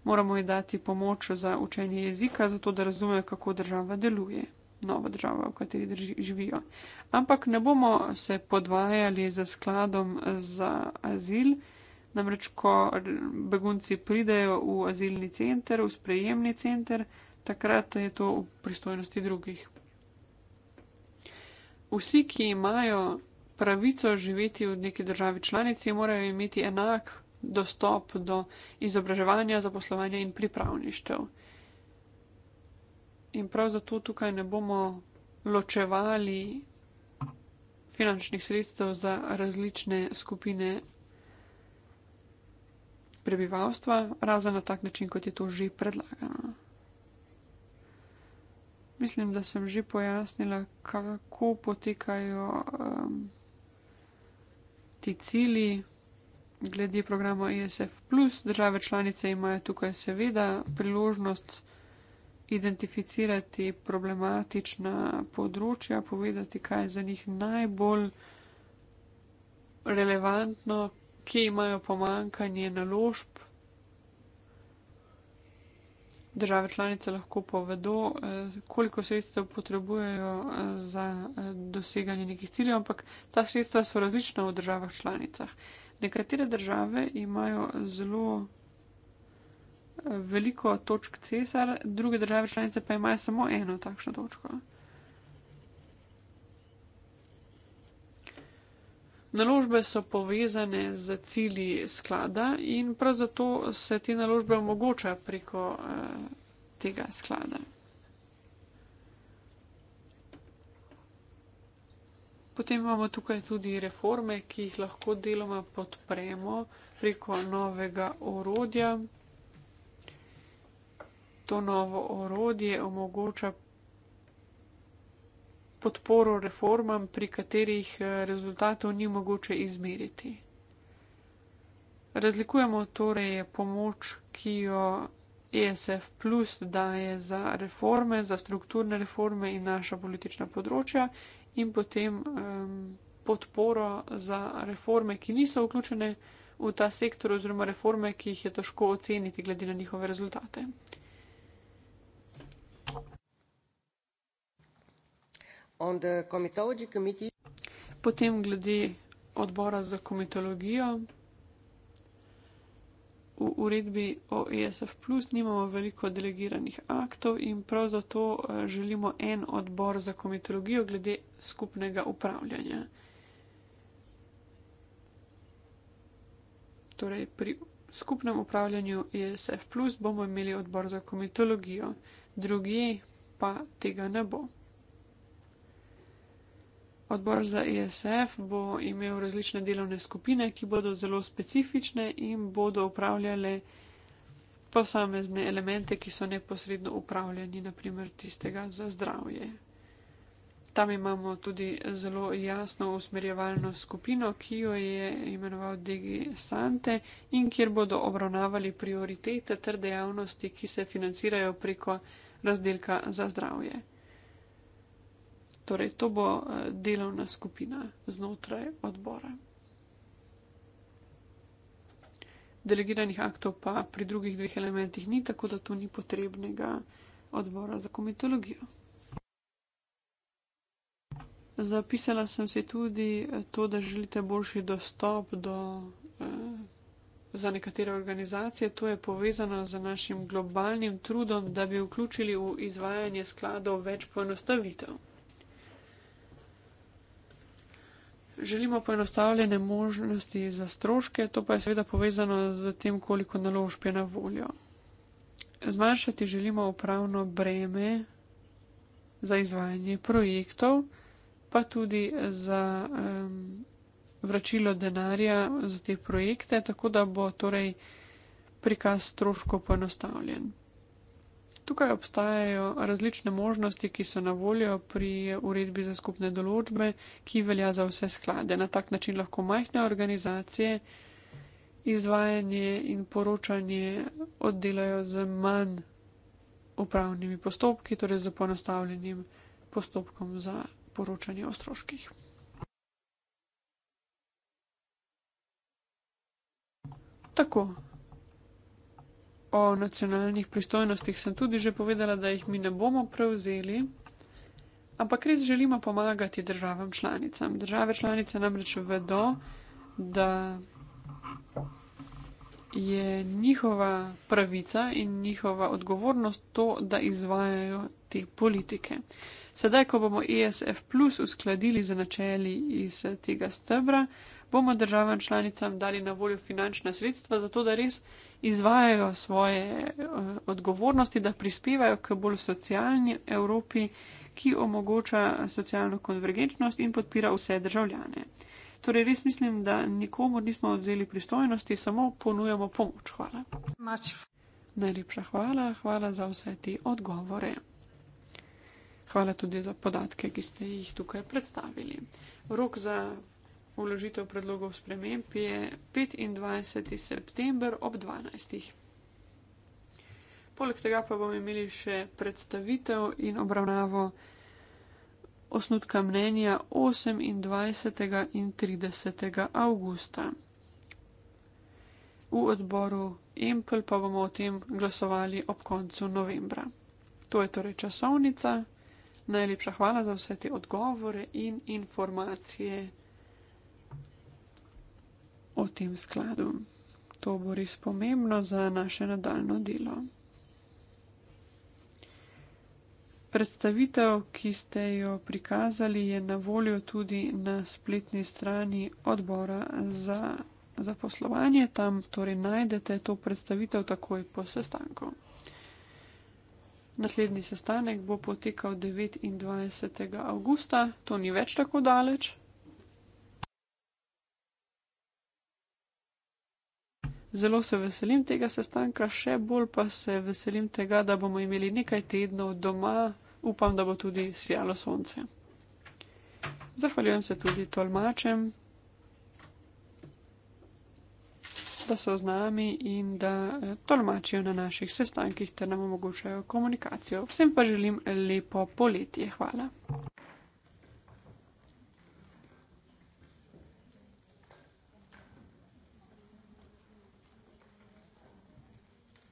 Moramo jim dati pomoč za učenje jezika, zato da razumejo, kako država deluje novo državo, v kateri drži, živijo. Ampak ne bomo se podvajali z skladom za azil, namreč, ko begunci pridejo v azilni center, v sprejemni center, takrat je to v pristojnosti drugih. Vsi, ki imajo pravico živeti v neki državi članici, morajo imeti enak dostop do izobraževanja, zaposlovanja in pripravništev in prav zato tukaj ne bomo ločevali finančnih sredstev za različne skupine prebivalstva, razen na tak način, kot je to že predlagano. Mislim, da sem že pojasnila, kako potekajo um, ti cili glede programa ESF. Države članice imajo tukaj seveda priložnost, identificirati problematična področja, povedati, kaj je za njih najbolj relevantno, kje imajo pomankanje naložb. Države članice lahko povedo, eh, koliko sredstev potrebujejo eh, za eh, doseganje nekih ciljev, ampak ta sredstva so različna v državah članicah. Nekatere države imajo zelo veliko točk cesar, druge države članice pa imajo samo eno takšno točko. Naložbe so povezane z cilji sklada in prav zato se te naložbe omogoča preko uh, tega sklada. Potem imamo tukaj tudi reforme, ki jih lahko deloma podpremo preko novega orodja to novo orodje omogoča podporo reformam, pri katerih eh, rezultatov ni mogoče izmeriti. Razlikujemo torej pomoč, ki jo ESF plus daje za reforme, za strukturne reforme in naša politična področja in potem um, podporo za reforme, ki niso vključene v ta sektor oziroma reforme, ki jih je težko oceniti glede na njihove rezultate. Potem glede odbora za komitologijo. V uredbi o ESF plus nimamo veliko delegiranih aktov in prav zato eh, želimo en odbor za komitologijo glede skupnega upravljanja. Torej pri skupnem upravljanju ESF plus bomo imeli odbor za komitologijo, drugi pa tega ne bo. Odbor za ESF bo imel različne delovne skupine, ki bodo zelo specifične in bodo upravljale posamezne elemente, ki so neposredno upravljeni, naprimer tistega za zdravje. Tam imamo tudi zelo jasno usmerjevalno skupino, ki jo je imenoval DG Sante in kjer bodo obravnavali prioritete ter dejavnosti, ki se financirajo preko razdelka za zdravje. Torej, to bo eh, delovna skupina znotraj odbora. Delegiranih aktov pa pri drugih dveh elementih ni, tako da tu ni potrebnega odbora za komitologijo. Zapisala sem se tudi eh, to, da želite boljši dostop do, eh, za nekatere organizacije. To je povezano z našim globalnim trudom, da bi vključili v izvajanje skladov več poenostavitev. Želimo poenostavljene možnosti za stroške, to pa je seveda povezano z tem, koliko naložb je na voljo. Zmanjšati želimo upravno breme za izvajanje projektov, pa tudi za um, vračilo denarja za te projekte, tako da bo torej prikaz stroškov poenostavljen. Tukaj obstajajo različne možnosti, ki so na voljo pri uredbi za skupne določbe, ki velja za vse sklade. Na tak način lahko majhne organizacije izvajanje in poročanje oddelajo z manj upravnimi postopki, torej z ponostavljenim postopkom za poročanje o stroških. Tako, o nacionalnih pristojnostih sem tudi že povedala, da jih mi ne bomo prevzeli, ampak res želimo pomagati državam članicam. Države članice namreč vedo, da je njihova pravica in njihova odgovornost to, da izvajajo te politike. Sedaj, ko bomo ESF plus uskladili z načeli iz tega stebra, bomo državam članicam dali na voljo finančna sredstva za to, da res izvajajo svoje eh, odgovornosti, da prispevajo k bolj socialni Evropi, ki omogoča socialno konvergenčnost in podpira vse državljane. Torej, res mislim, da nikomu nismo odzeli pristojnosti, samo ponujamo pomoč. Hvala. Mač. Najlepša hvala, hvala za vse te odgovore. Hvala tudi za podatke, ki ste jih tukaj predstavili. Rok za vložitev predlogov sprememb je 25. september ob 12. Poleg tega pa bomo imeli še predstavitev in obravnavo osnutka mnenja 28. in 30. avgusta. V odboru Empel pa bomo o tem glasovali ob koncu novembra. To je torej časovnica. Najlepša hvala za vse te odgovore in informacije o tem skladu. To bo res pomembno za naše nadaljno delo. Predstavitev, ki ste jo prikazali, je na voljo tudi na spletni strani odbora za zaposlovanje. Tam torej najdete to predstavitev takoj po sestanku. Naslednji sestanek bo potekal 29. avgusta, to ni več tako daleč, Zelo se veselim tega sestanka, še bolj pa se veselim tega, da bomo imeli nekaj tednov doma, upam, da bo tudi sijalo sonce. Zahvaljujem se tudi tolmačem, da so z nami in da eh, tolmačijo na naših sestankih ter nam omogočajo komunikacijo. Vsem pa želim lepo poletje. Hvala.